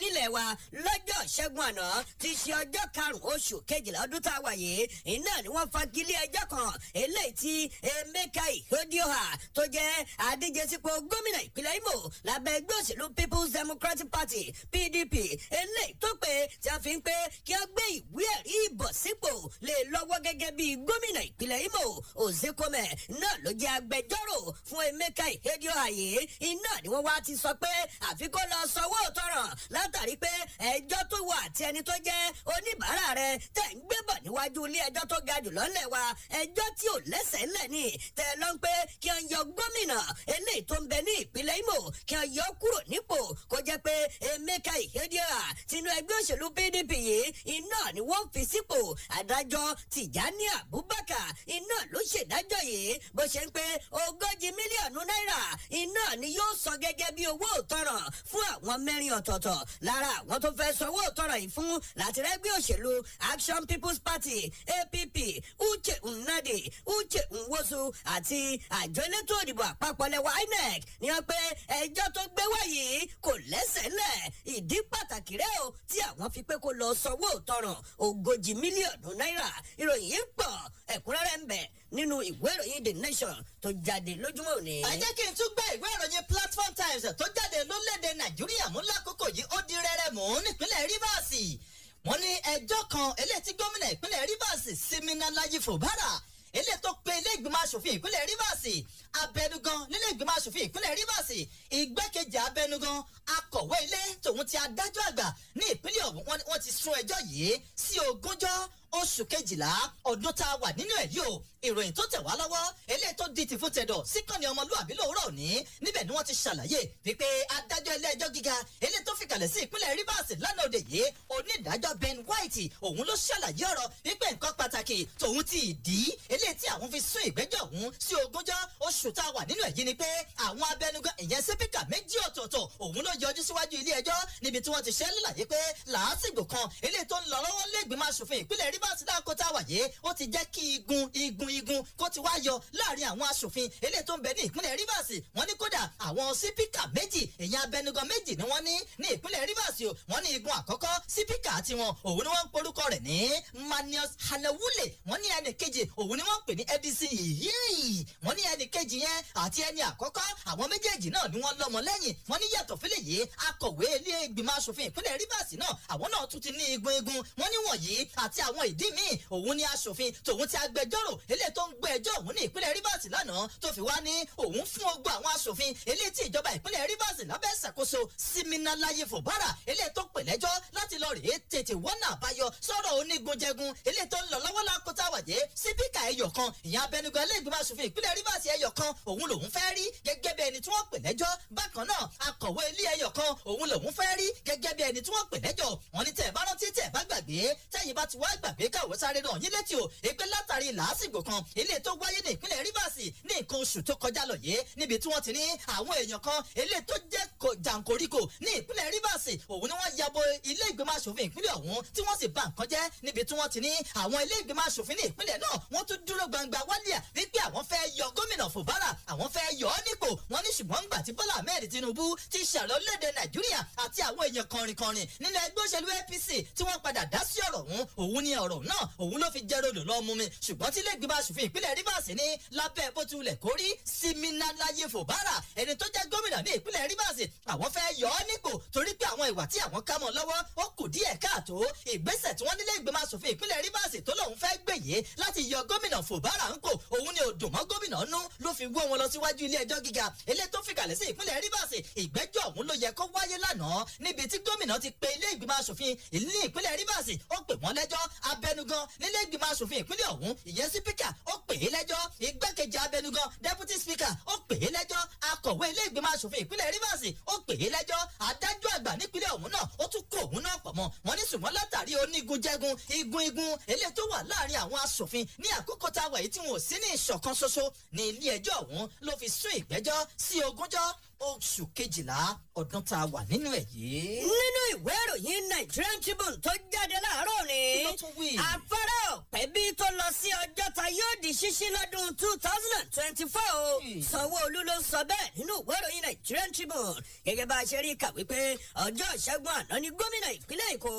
nílẹ̀ wa lọ́jọ́ ṣẹ́gun àná ti ṣe ọjọ́ karùn-ún oṣù kejìlá ọdún tá a wà yìí iná ni wọ́n fagilé ẹjọ́ kan eléyìí tí Emeka Ihodioha tó jẹ́ adíje sípò gómìnà ìpínlẹ̀ Imo lábẹ́ ẹgbẹ́ òṣèlú People's Democratic Party PDP eléyìí tó pé tí a fi ń pé kí a gbé ìwé ẹ̀rí ìbọ̀sípò lé lọ́wọ́ gẹ́gẹ́ bí gómìnà ìpínlẹ̀ Imo Ozekhome náà ló jẹ́ agbẹjọ́rò fún Emeka Ihediohaye iná ni wọ́n wá ti sọ pé àfi kó lọ sanwó tọrọ látàrí pé ẹjọ́ tó wà àti ẹni tó jẹ́ oníbàárà rẹ̀ tẹ̀ ń gbébọ̀ níwájú ilé ẹjọ́ tó ga jùlọ ńlẹ̀ wa ẹjọ́ tí ò lẹ́sẹ̀ ńlẹ̀ ni tẹ̀ lọ ń pé kí wọ́n yọ gómìnà eléyìí tó ń bẹ ní ìpínlẹ̀ Imo kí wọ́n yọ kúrò nípò kó jẹ́ pé Emeka Ihediohaye tinú ẹgbẹ́ òṣèlú PDP yìí iná ni wọ́n fi sípò adájọ́ tìjání abubakar iná ló ṣèdájọ́ yìí bó ṣe ń pé ogójì mílíọ̀nù náírà iná ni yóò sọ gẹ́gẹ́ bí owó òtọ́rọ̀ fún àwọn mẹ́rin ọ̀tọ̀ọ̀tọ̀ lára àwọn tó fẹ́ sanwó òtọ́rọ̀ yìí fún látìrẹ́gbẹ́ òṣèlú action people's party app uche nnadi uche nwosu àti àjọ elétò òdìbò àpapọ̀ lẹ́wọ̀ inec ni wọ́n pé ẹjọ́ tó gbé wáyé kò lẹ́sẹ̀ lẹ̀ ìdí pàtàkì rẹ̀ o tí àwọn fi pé kó lọ sanwó òtọ́rọ̀ ogójì mílíọ̀nù náírà ìròyìn yìí pọ̀ ẹ̀kúnrẹ́rẹ́ ń bẹ nínú ìwé ìròyìn the nation tó jáde lójúmọ́ òní. ẹ jẹ́ kí n tún gbé ìwé ìròyìn platform times tó jáde lórílẹ̀‐èdè nàìjíríà mú lákòókò yìí ó di rẹ́rẹ́ mú nípínlẹ̀ rivers wọ́n ní ẹjọ́ kan eléyìí tí gómìnà ìpínlẹ̀ rivers siminalayi fubara eléyìí tó pe ilé ìgbìmọ̀ asòfin ìpínlẹ̀ Rivers abẹnugan nílé ìgbìmọ̀ asòfin ìpínlẹ̀ Rivers ìgbẹ́kejì abẹnugan akọ̀wé ilé tòun ti adájọ́ àgbà ní ìpínlẹ̀ ọ̀hún wọ́n ti sún ẹjọ́ yìí sí ogúnjọ́ oṣù kejìlá ọdún tá a wà nínú ẹ̀ yìí o ìròyìn tó tẹ̀ wá lọ́wọ́ eléyìí tó di tìfún tẹ̀dọ̀ síkànnì ọmọlúwàbí lòwúrọ̀ òní níbẹ̀ ni wọ́n ti ṣàlàyé wípé adájọ́ ilé ẹjọ́ gíga eléyìí tó fìkàlẹ̀ sí ìpínlẹ̀ Rivers lánàá òde yìí onídàájọ́ Ben White òun ló ṣàlàyé ọ̀rọ̀ wípé nǹkan pàtàkì tòun ti dì í eléyìí tí àwọn fi sún ìgbẹ́jọ́ òun sí ogúnjọ́ oṣù tá a wà nínú ẹ̀ yìí ni pé àwọn abẹnugan ìyẹn sípíkà méjì ọ̀tọ̀ọ̀tọ̀ òun ló yọjú síwájú ilé ẹjọ́ níbi tí wọ́n ti ṣẹ́ lálàyé pé làásìgbò kan eléyìí tó ń lọ lọ́wọ́ lẹ́gbìmọ̀ aṣòfin ìpínlẹ̀ Rivers bá ti dáko tá a wà yé ó ti jẹ́ kí igun igun igun kó ti wá yọ láàrin àwọn aṣòfin eléyìí ń bẹ ní ìpínlẹ̀ Rivers wọ́n ní kódà àwọn sípíkà méjì èyàn abẹnugan méjì ni wọ́n ní ní ìpínlẹ̀ Rivers o wọ́n ní igun àkọ́kọ́ sípíkà tiwọn òun ni wọ́n ń porúkọ rẹ̀ ní manius hanewule wọ́n ní ẹnì kejì òun ni wọ́n pè ní edison yìí wọ́n ní ẹnì kejì yẹn àti ẹni àkọ́kọ́ àwọn méjèèjì náà ni wọ́n lọ́mọ lẹ́yìn wọ́n ní yàtọ̀ fílẹ̀ yìí akọ̀wé ilé ìgbìmọ̀ aṣòfin ìpínlẹ̀ Rivers náà àwọn náà tún ti ní igun igun wọ́n ní wọ̀nyí àti àwọn ì ìdí mi òun ni aṣòfin tòun ti agbẹjọ́rò eléyìí tó ń gbé ẹjọ́ òun ní ìpínlẹ̀ Rivers lánàá tó fi wá ní òun fún ogbó àwọn aṣòfin eléyìí tí ìjọba ìpínlẹ̀ Rivers lábẹ́ ìṣàkóso Siminalayi Fubara eléyìí tó pè lẹ́jọ́ láti lọ rèé tètè wọ́nà àbáyọ sọ̀rọ̀ onígunjẹgun eléyìí tó ń lọ lọ́wọ́ lákòótá wàjẹ́ sípíkà ẹyọ kan ìyẹn abẹnugan ẹlẹ́gbẹ̀mọ aṣòfin ìpínlẹ̀ Rivers ẹyọ kan òun lòun fẹ́ rí gẹ́gẹ́ bí ẹni tí wọ́n pè lẹ́jọ́ bákan náà akọ̀wé ilé ẹyọ kan òun lòun fẹ́ rí gẹ́gẹ́ bí ẹni tí wọ́n pè lẹ́jọ́ wọn ní tẹ̀ bá rántí tẹ̀ bá gbàgbé tẹ̀yìn bá ti wá gbàgbé àgbékàwọ́ sáré rọ̀ yín létí o èpè látàrí làásìgbò kan ilé tó wáyé ní ìpínlẹ̀ Rivers ní nǹkan oṣù tó kọjá lọ yìí níbi tí wọ́n ti ní àwọn èèyàn kan ilé tó jẹ́ jàǹkóríkò ní ìpínlẹ̀ Rivers òun ni wọ́n yabo ilé ìgbìmọ̀ asòfin ìpínlẹ̀ ọ̀hún tí wọ́n sì bà nǹkan jẹ́ níbi tí wọ́n ti ní àwọn ilé ìgbìmọ̀ asòfin ní ìpínlẹ̀ náà wọ́n tún dúró gbangba wálíà wípé àwọn fẹ́ yọ gómìnà Fubara àwọn fẹ́ yọ ọ́ nípò wọ́n ní ṣùgbọ́n ń gbà tí Bọ́lá Ahmed Tinubu ti ṣàlọ́ léde Nàìjíríà àti àwọn èèyàn kọrinkọrin nínú ẹgbẹ́ òṣèlú APC tí wọ́n padà dá sí ọ̀rọ̀ ọ̀rọ̀ náà òun ló fi jẹ́ rodò lọ́ọ́ mú mi ṣùgbọ́n tí lẹ́gbẹ̀ẹ́ bá ṣòfin ìpínlẹ̀ Rivers ní lábẹ́ bó ti wulẹ̀ kórí Siminalaye Fubara ẹni tó jẹ́ gómìnà ní ìpínlẹ̀ Rivers àwọn fẹ́ yọ ọ́ nípò torí pé àwọn ìwà tí àwọn kámọ́ lọ́wọ́ ó kù díẹ̀ káàtó ìgbésẹ̀ tí wọ́n nílé ìgbìmọ̀ aṣòfin ìpínlẹ̀ Rivers tó lòun fẹ́ gbé yìí láti yọ gómìnà Fubara ńkò òun ni òdùnmọ́ gómìnà nú ló fi wọ́ wọn lọ síwájú ilé ẹjọ́ gíga ilé tó fìkàlẹ̀ sí ìpínlẹ̀ Rivers ìgbẹ́jọ́ ọ̀hún ló yẹ kó wáyé lánàá níbi tí gómìnà ti pe ilé ìgbìmọ̀ aṣòfin ní ìpínlẹ̀ Rivers ó pè wọ́n lẹ́jọ́ abẹnugan nílé ìgbìmọ̀ asòfin ìpínlẹ̀ ọ̀hún ìyẹn sípíkà ó pè é lẹ́jọ́ igbákejì abẹnugan deputy speaker ó pè é lẹ́jọ́ akọ̀wé ilé ìgbìmọ̀ asòfin ìpínlẹ̀ rivers ó pè é lẹ́jọ́ adájọ́ àgbà nípínlẹ̀ ọ̀hún náà ó tún kó òun náà pọ̀ mọ́ wọn ní ṣùgbọ́n látàrí onígun jẹgun igun igun eléyìí tó wà láàrin àwọn asòfin ní àkókò tá a wà yìí tí wọn ò sí ní ìṣọ̀kan oṣù kejìlá ọdún tá a wà nínú ẹ̀ yìí. nínú ìwé ìròyìn Nigerian Tribune tó jáde láàárọ̀ ni afárá ọ̀pẹ́ bí tó lọ sí ọjọ́ta yóò di ṣíṣí lọ́dún two thousand and twenty-four o hmm. Sanwó-Olú ló sọ bẹ́ẹ̀ nínú ìwé ìròyìn Nigerian Tribune gẹ́gẹ́ bá a ṣe rí i kà wípé ọjọ́ ìṣẹ́gun àná ni gómìnà ìpínlẹ̀ Èkó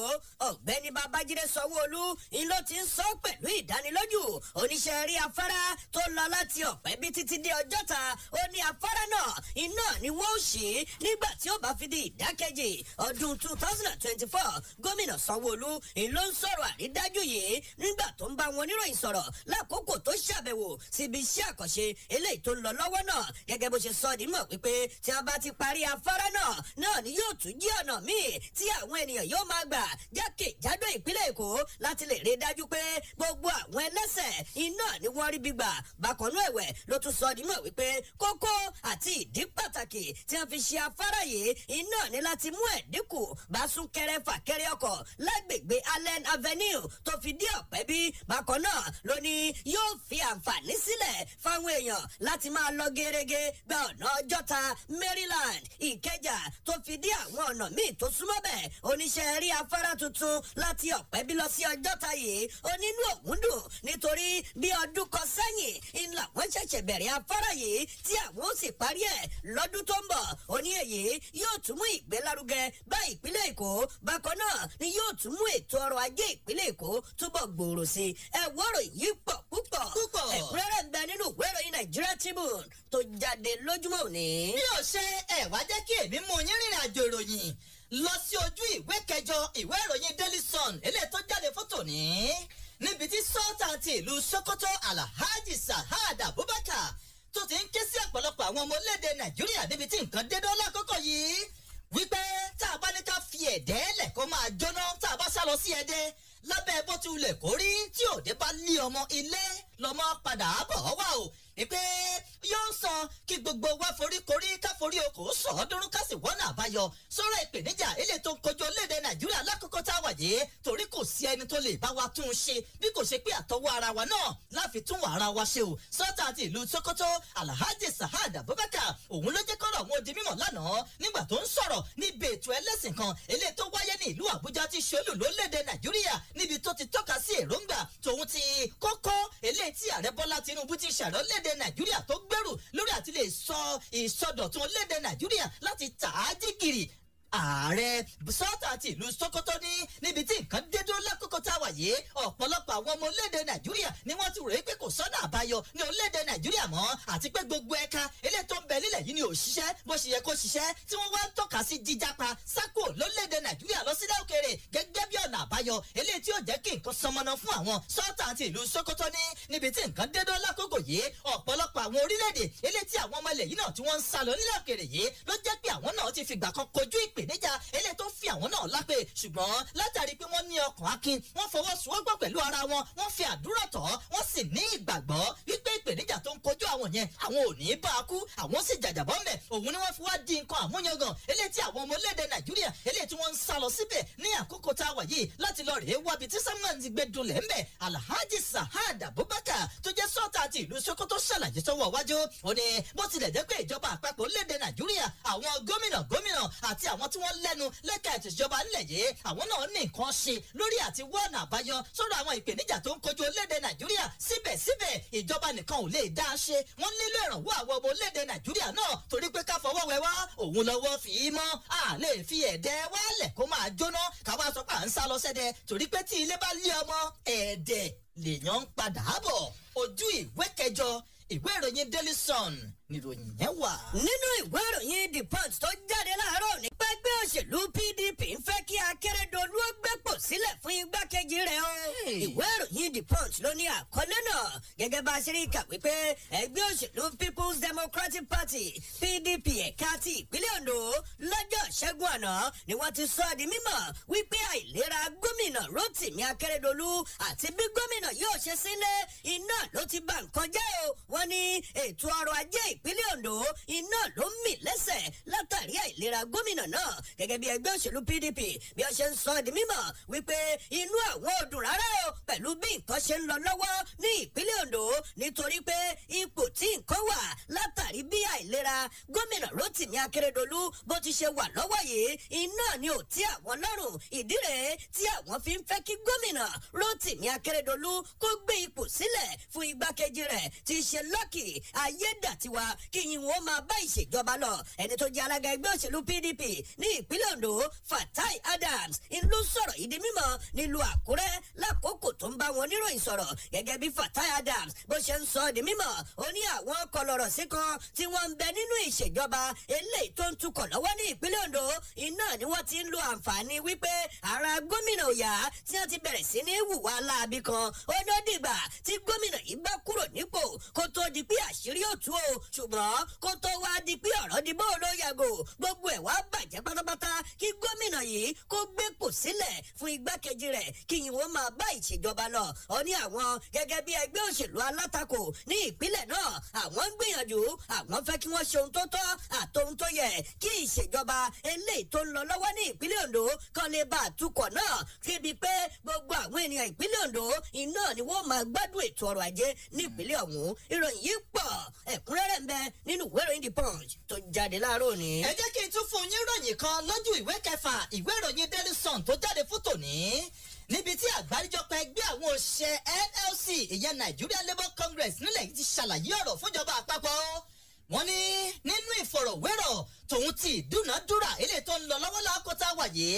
ọ̀gbẹ́ni Babájídé Sanwó-Olú ló ti ń sọ pẹ̀lú ìdánilójú oníṣẹ́ rí afárá tó lọ láti ọ̀pẹ́ bí títí dé ọjọ́ta ó ní afárá náà iná ni wọ́n ó ṣe é nígbà tí ó bá fi di ìdákẹ́jì ọdún two thousand and twenty-four gómìnà sanwó-olú ìlú ń sọ̀rọ̀ àrídájú yìí nígbà tó ń bá wọn níròyìn sọ̀rọ̀ lákòókò tó ṣàbẹ̀wò síbi iṣẹ́ àkànṣe eléyìí tó ń lọ lọ́wọ́ náà gẹ́gẹ́ bó ṣe sọ ọ́ nímọ̀ wípé tí wọ́n bá ti parí afárá náà náà ni yóò tún jí ọ̀nà míì tí àwọn ènìyàn yóò máa gbà jákèjádò ìpínlẹ̀ èkó láti lè rí dájú pé gbogbo àwọn ẹlẹ́sẹ̀ iná ni wọ́n rí gbígbà bákan náà ẹ̀wẹ̀ ló tún sọ ọ́ nímọ̀ wípé kókó àti ìdí pàtàkì pàtàkì tí wọ́n fi ṣe afárá yìí iná ní láti mú ẹ̀dínkù bá súnkẹrẹ fàkẹrẹ ọkọ̀ lágbègbè Allen Avenue tó fi dé Ọ̀pẹ́bí bákan náà ló ní yóò fi àǹfààní sílẹ̀ fáwọn èèyàn láti máa lọ gerege gba ọ̀nà Ọjọ́ta Maryland Ìkẹjà tó fi dé àwọn ọ̀nà míì tó súnmọ́ bẹ̀ oníṣẹ́ rí afárá tuntun láti Ọ̀pẹ́bí lọ sí Ọjọ́ta yìí onínú òun dùn nítorí bí ọdún kan sẹ́yìn ńlá wọ́n ṣẹ̀ṣẹ̀ bẹ̀rẹ̀ afárá yìí tí àwọn ó sì parí ẹ̀ lọ́dún lọ́dún tó ń bọ̀ ó ní èyí yóò tún mú ìgbélárugẹ bá ìpínlẹ̀ èkó bákan náà ni yóò tún mú ètò ọrọ̀ ajé ìpínlẹ̀ èkó túbọ̀ gbòòrò sí i ẹ̀wọ́rò yìí pọ̀ púpọ̀ púpọ̀ ẹ̀kúrẹ́rẹ́ ń bẹ nínú ìwé ìròyìn nàìjíríà tribune tó jáde lójúmọ́ òní. bí ó ṣe ẹ wá jẹ́ kí èmi mú yín rìnrìn àjò ìròyìn lọ sí ojú ìwé kẹjọ ìwé ìròyìn daily sun eléyìí tó jáde fótó ní níbi tí sọ́ọ̀tà ti ìlú sokoto alhaji sahad abubakar tó ti ń ké sí ọ̀pọ̀lọpọ̀ àwọn ọmọ orílẹ̀ nàìjíríà níbi tí nǹkan dé dán lákòókò yìí wípé tá a bá ní ká fi ẹ̀dẹ́ lẹ̀ kó máa jóná tá a bá sá lọ sí ẹ̀dẹ́ lábẹ́ bó ti wulẹ̀ kórí tí òde bá lé ọmọ ilé lọ́mọ padà bọ̀ wá o ìpè yóò sọ kí gbogbo wa foríkorí káforí okò sọ ọ́ dúró ká sì wọ́nà àbáyọ sọ́rọ̀ ìpèníjà ilé tó ń kojú orílẹ̀-èdè nàìjíríà lákòókò tá a wà yé torí kò sí ẹni tó lè bá wa tún un ṣe bí kò ṣe pé àtọwọ́ ara wa náà láfi tún ara wa ṣe o sọ́tà àti ìlú sokoto alhaji sahad abubakar òun ló jẹ́ kọ́rọ̀ wọn di mímọ̀ lánàá nígbà tó ń sọ̀rọ̀ níbi ètò ẹlẹ́sìn kan ilé tó wáyé ní ìlú àbújá ti ṣolú lórílẹ̀‐èdè nàìjíríà níbi tó ti tọ́ka sí èròǹgbà tòun ti kókó eléyìí tí ààrẹ bọ́lá tinubu ti ṣàròlé orílẹ̀-èdè nàìjíríà tó gbèrú lórí àti lè sọ ìsọdọ̀tun orílẹ̀-èdè nàìjíríà láti tà á jí gìrì ààrẹ sọ́tà ti ìlú Sokoto ní níbi tí nǹkan dé dúró lákòókò tá a wà yìí ọ̀pọ̀lọpọ̀ àwọn ọmọ orílẹ̀-èdè Nàìjíríà ni wọ́n ti rèé pé kò sọ́nà àbáyọ ní orílẹ̀-èdè Nàìjíríà mọ́ àti pé gbogbo ẹ̀ka ilé tó ń bẹ nílẹ̀ yìí ni ò ṣiṣẹ́ bó ṣe yẹ kó ṣiṣẹ́ tí wọ́n wá ń tọ́ka sí jíjápa sákò lórílẹ̀-èdè Nàìjíríà lọ sílẹ̀ òkèèrè gẹ́gẹ́ bí ọ̀nà àbáyọ eléyìí tí ó jẹ́ kí nǹkan sọmọnà fún àwọn sọ́tà ti ìpèníjà eléyìí tó fi àwọn náà lápè ṣùgbọ́n látàrí pé wọ́n ní ọkàn akin wọ́n fọwọ́sowọ́gbọ̀ pẹ̀lú ara wọn wọ́n fi àdúrà tọ̀ wọ́n sì ní ìgbàgbọ́ wípé ìpèníjà tó ń kojú àwọn yẹn àwọn ò ní bá a kú àwọn sì jàjàbọ́ mẹ́ òun ni wọ́n fi wá di nǹkan àmúyangàn eléyìí tí àwọn ọmọlédè nàìjíríà eléyìí tí wọ́n ń sá lọ síbẹ̀ ní àkókò tá a wà yìí láti lọ rèé wábi tí samuel ti gbé dunlẹ̀ ńbẹ̀ alhaji sahad abubakar tó jẹ́ sọ́ọ̀tà àti ìlú sokoto ṣàlàyé sọ́wọ́ wájú ó ní bó tilẹ̀ jẹ́ pé ìjọba àpapọ̀ lédè nàìjíríà àwọn gómìnà gómìnà àti àwọn tí wọ́n lẹ́nu lẹ́ka ètò ìjọba ńlẹ̀ yìí àwọn náà ní nǹkan ṣe lórí àti wọ́ọ̀nà àbáyọ sọ́dọ̀ àwọn ìpèníjà tó ń kojú orílẹ̀-èdè nàìjíríà síbẹ̀síbẹ̀ ìjọba nìkan ò lè dá a ṣe wọ́n nílò ìrànwọ́ àwọn ọmọ orílẹ̀-èdè nàìjíríà náà torí pé ká fọwọ́ wẹ wá òun lọ́wọ́ fi í mọ́ a lè fi ẹ̀dẹ́ wálẹ̀ kó máa jóná káwá sọ pé à ń sá lọ sẹ́dẹ̀ torí pé tí ilé bá lé ọmọ ẹ̀ẹ́dẹ̀ lèèyàn ń padà bọ̀ ojú ìwé kẹjọ ìwé ìròyìn Daily Sun níròyìn yẹn wà. nínú ìwé ìròyìn The Punch tó jáde láàárọ̀ ní ẹgbẹ́ òṣèlú PDP ń fẹ́ kí Akérèdọ́lù ó gbépò sílẹ̀ fún igbákejì rẹ̀ o. ìwé ìròyìn The Punch ló ní àkọlé náà gẹ́gẹ́ bá a ṣe rí i kà wípé ẹgbẹ́ òṣèlú People's Democratic Party PDP ẹ̀ka ti ìpínlẹ̀ Ondo lọ́jọ́ ṣẹ́gun àná ni wọ́n ti sọ di mímọ̀ wípé àìlera gómìnà Rotimi Akérèdọ́lù àti bí gómìnà yóò ṣe sílé iná ló ti bà nǹkan jẹ́ o wọ́n ní ètò ọrọ̀ ajé ìpínlẹ̀ Ondo iná ló ń mì lẹ́sẹ̀ látàrí àìlera gómìnà náà náà gẹ́gẹ́ bí ẹgbẹ́ òṣèlú PDP bí ó ṣe ń sọ di mímọ̀ wípé inú àwọn ò dùn rárá o pẹ̀lú bí nǹkan ṣe ń lọ lọ́wọ́ ní ìpínlẹ̀ Ondo nítorí pé ipò tí nǹkan wà látàrí bí àìlera gómìnà Rotimi Akeredolu bó ti ṣe wà lọ́wọ́ yìí iná ni ò tí àwọn lọ́rùn ìdí rèé tí àwọn fi ń fẹ́ kí gómìnà Rotimi Akeredolu kó gbé ipò sílẹ̀ fún igbákejì rẹ̀ ti ṣe Lucky Ayédàtiwa kí yìí wọ́n máa bá ìṣèjọba lọ ẹni tó jẹ́ alága ẹgbẹ́ òṣèlú PDP ní ìpínlẹ̀ Ondo Fatai Adams ló sọ̀rọ̀ ìdí mímọ̀ nílùú Àkúrẹ́ lákòókò tó ń bá wọn níròyìn sọ̀rọ̀ gẹ́gẹ́ bí Fatai Adams bó ṣe ń sọ ọ́ di mímọ̀ ó ní àwọn kọlọ̀rọ̀ sí kan tí wọ́n ń bẹ nínú ìṣèjọba eléyìí tó ń tukọ̀ lọ́wọ́ ní ìpínlẹ̀ Ondo iná ni wọ́n ti ń lo àǹfààní wípé ara gómìnà òyà tí wọ́n ti bẹ̀rẹ̀ sí ní wùwà láabi kan ó ló dìgbà tí gómìnà yìí bá kúrò nípò kó tó di pé àṣírí òtún o ṣùgbọ́n kó tó wá di pé ọ̀rọ̀ dìbò ló yàgò gbogbo ẹ̀ wá bàjẹ́ pátápátá kí gómìnà yìí kó gbépò sílẹ̀ fún igbákejì rẹ̀ kí yìí wọ́n máa bá ìṣèjọba lọ ó ní àwọn gẹ́gẹ́ bí ẹgbẹ́ òṣèlú alátakò ní ìpínlẹ̀ náà àwọn ń gbìyànjú àwọn fẹ́ kí wọ́n ṣe ohun tó tọ́ àtohun tó yẹ kí ìṣèjọba eléyìí tó ń lọ lọ́wọ́ ní ìpínlẹ̀ Ondo kan lè bá àtúkọ̀ náà kébi pé gbogbo àwọn ènìyàn ìpínlẹ̀ Ondo iná ni wọ́n máa gbádùn ètò ọrọ̀ ajé nípínlẹ̀ ọ̀hún ìròyìn yìí pọ̀ ẹ̀kúnrẹ́rẹ́ ń bẹ nínú ìwé ìròyìn The Punch tó jáde láàárọ̀ ni. ẹ jẹ́ kí n tún fún yín ròyìn ìròyìn kan lójú ìwé kẹfà ìwé ìròyìn Daily Sun tó jáde fún tòní níbi tí àgbáríjọpọ̀ ẹgbẹ́ àwọn òṣìṣẹ́ NLC ìyẹn Nigerian Labour Congress nílẹ̀ yìí ti ṣàlàyé ọ̀rọ̀ fúnjọba àpapọ̀ wọ́n ní nínú ìfọ̀rọ̀wérọ̀ tòun ti ìdúnàádúrà eléyìí tó ń lọ lọ́wọ́ lákòótá wàyé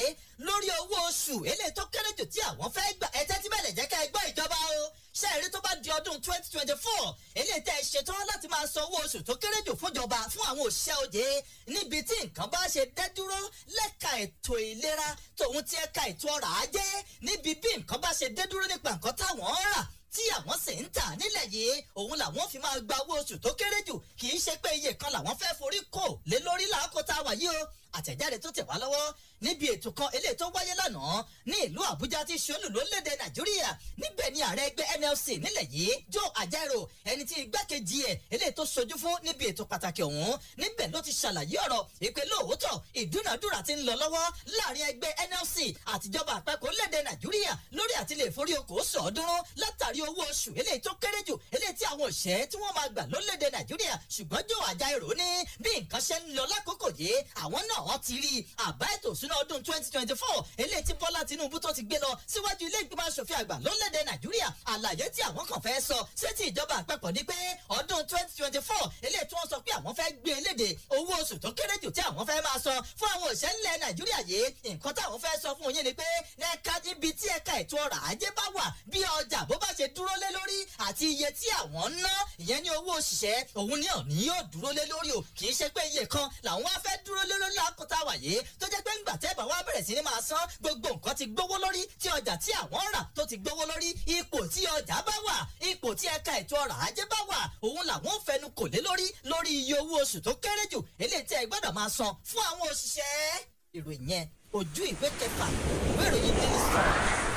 lórí owó oṣù eléyìí tó kéré jù tí àwọn fẹ́ gbà ẹ tẹ́tí bẹ̀rẹ̀ jẹ́ ká ẹ gbọ́ ìjọba o ṣe èrè tó bá di ọdún 2024. twenty four eléyìí tẹ́ ẹ ṣetán láti máa san owó oṣù tó kéré jù fúnjọba fún àwọn òṣìṣẹ́ òye níbi tí nǹkan bá ṣe dé dúró lẹ́ka ètò ìlera tòun ti ẹ̀ka ètò ọrọ̀ ajé níbi bí nǹkan bá ṣe dé dúró nípa nǹkan táwọn rà tí àwọn sì ń tà nílẹ̀ yìí òun làwọn fi máa gba owó oṣù tó kéré jù kì í ṣe pé iye kan làwọn fẹ́ forí kò lé lórí làákò tá a wà yìí o àtẹ̀jáde tó tẹ̀ wá lọ́wọ́ níbi ètò kan eléyìí tó wáyé lánàá ní ìlú àbújá tí ṣe olùlú lédè nàìjíríà níbẹ̀ ni ààrẹ ẹgbẹ́ nlc nílẹ̀ yìí joe ajaero ẹni tí igbákejì ẹ̀ eléyìí tó ṣojú fún níbi ètò pàtàkì ọ̀hún níbẹ̀ ló ti ṣàlàyé ọ̀rọ̀ ìpè lóòótọ́ ìdúnàdúrà ti ń lọ lọ́wọ́ láàrin ẹgbẹ́ nlc àtijọba àpapọ̀ lédè nàìjíríà lórí àti lè forí okòó sọ̀ọ́dúnrún látàrí owó oṣù eléyìí tó kéré jù eléyìí joe ajaero ní bí nǹkan ṣe ń lọ lákòókò yìí àwọn ìṣúná ọdún twenty twenty four eléyìí tí bọ́lá tinubu tó ti gbé lọ síwájú ilé ìgbìmọ̀ asòfin àgbà lórílẹ̀‐èdè nàìjíríà àlàyé tí àwọn kan fẹ́ sọ sí ti ìjọba àpapọ̀ ni pé ọdún twenty twenty four eléyìí tí wọ́n sọ pé àwọn fẹ́ gbé eléde owó oṣù tó kéré jù tí àwọn fẹ́ máa sọ fún àwọn òṣèlú ilẹ̀ nàìjíríà yìí nǹkan táwọn fẹ́ sọ fún yín ni pé ẹ̀ka ibi tí ẹ̀ka ètò ọrọ̀ ajé bá wà bí ọjà bó bá ṣe dúró lé lórí àti iye tí àwọn ń ná ìyẹn ní owó òṣìṣẹ́ òun ní òní yóò dúró lé lórí o kì í ṣe pé iye kan làwọn wá fẹ́ dúró lé lórí lákòótá wà yìí tó jẹ́ pé ńgbà tẹ́ bá wá bẹ̀rẹ̀ sí ni máa san gbogbo nǹkan ti gbówó lórí tí ọjà tí àwọn rà tó ti gbówó lórí ipò tí ọjà bá wà ipò tí ẹ̀ka ètò ọrọ̀ ajé bá wà òun làwọn ń fẹnu kò lé lórí lórí iye owó oṣù tó kéré jù eléyìí tí ẹ gbọ́dọ̀ máa san fún àwọn òṣìṣẹ́ ìròyìn yẹn ojú ìwé kẹfà ìwé ìròyìn Daily Sun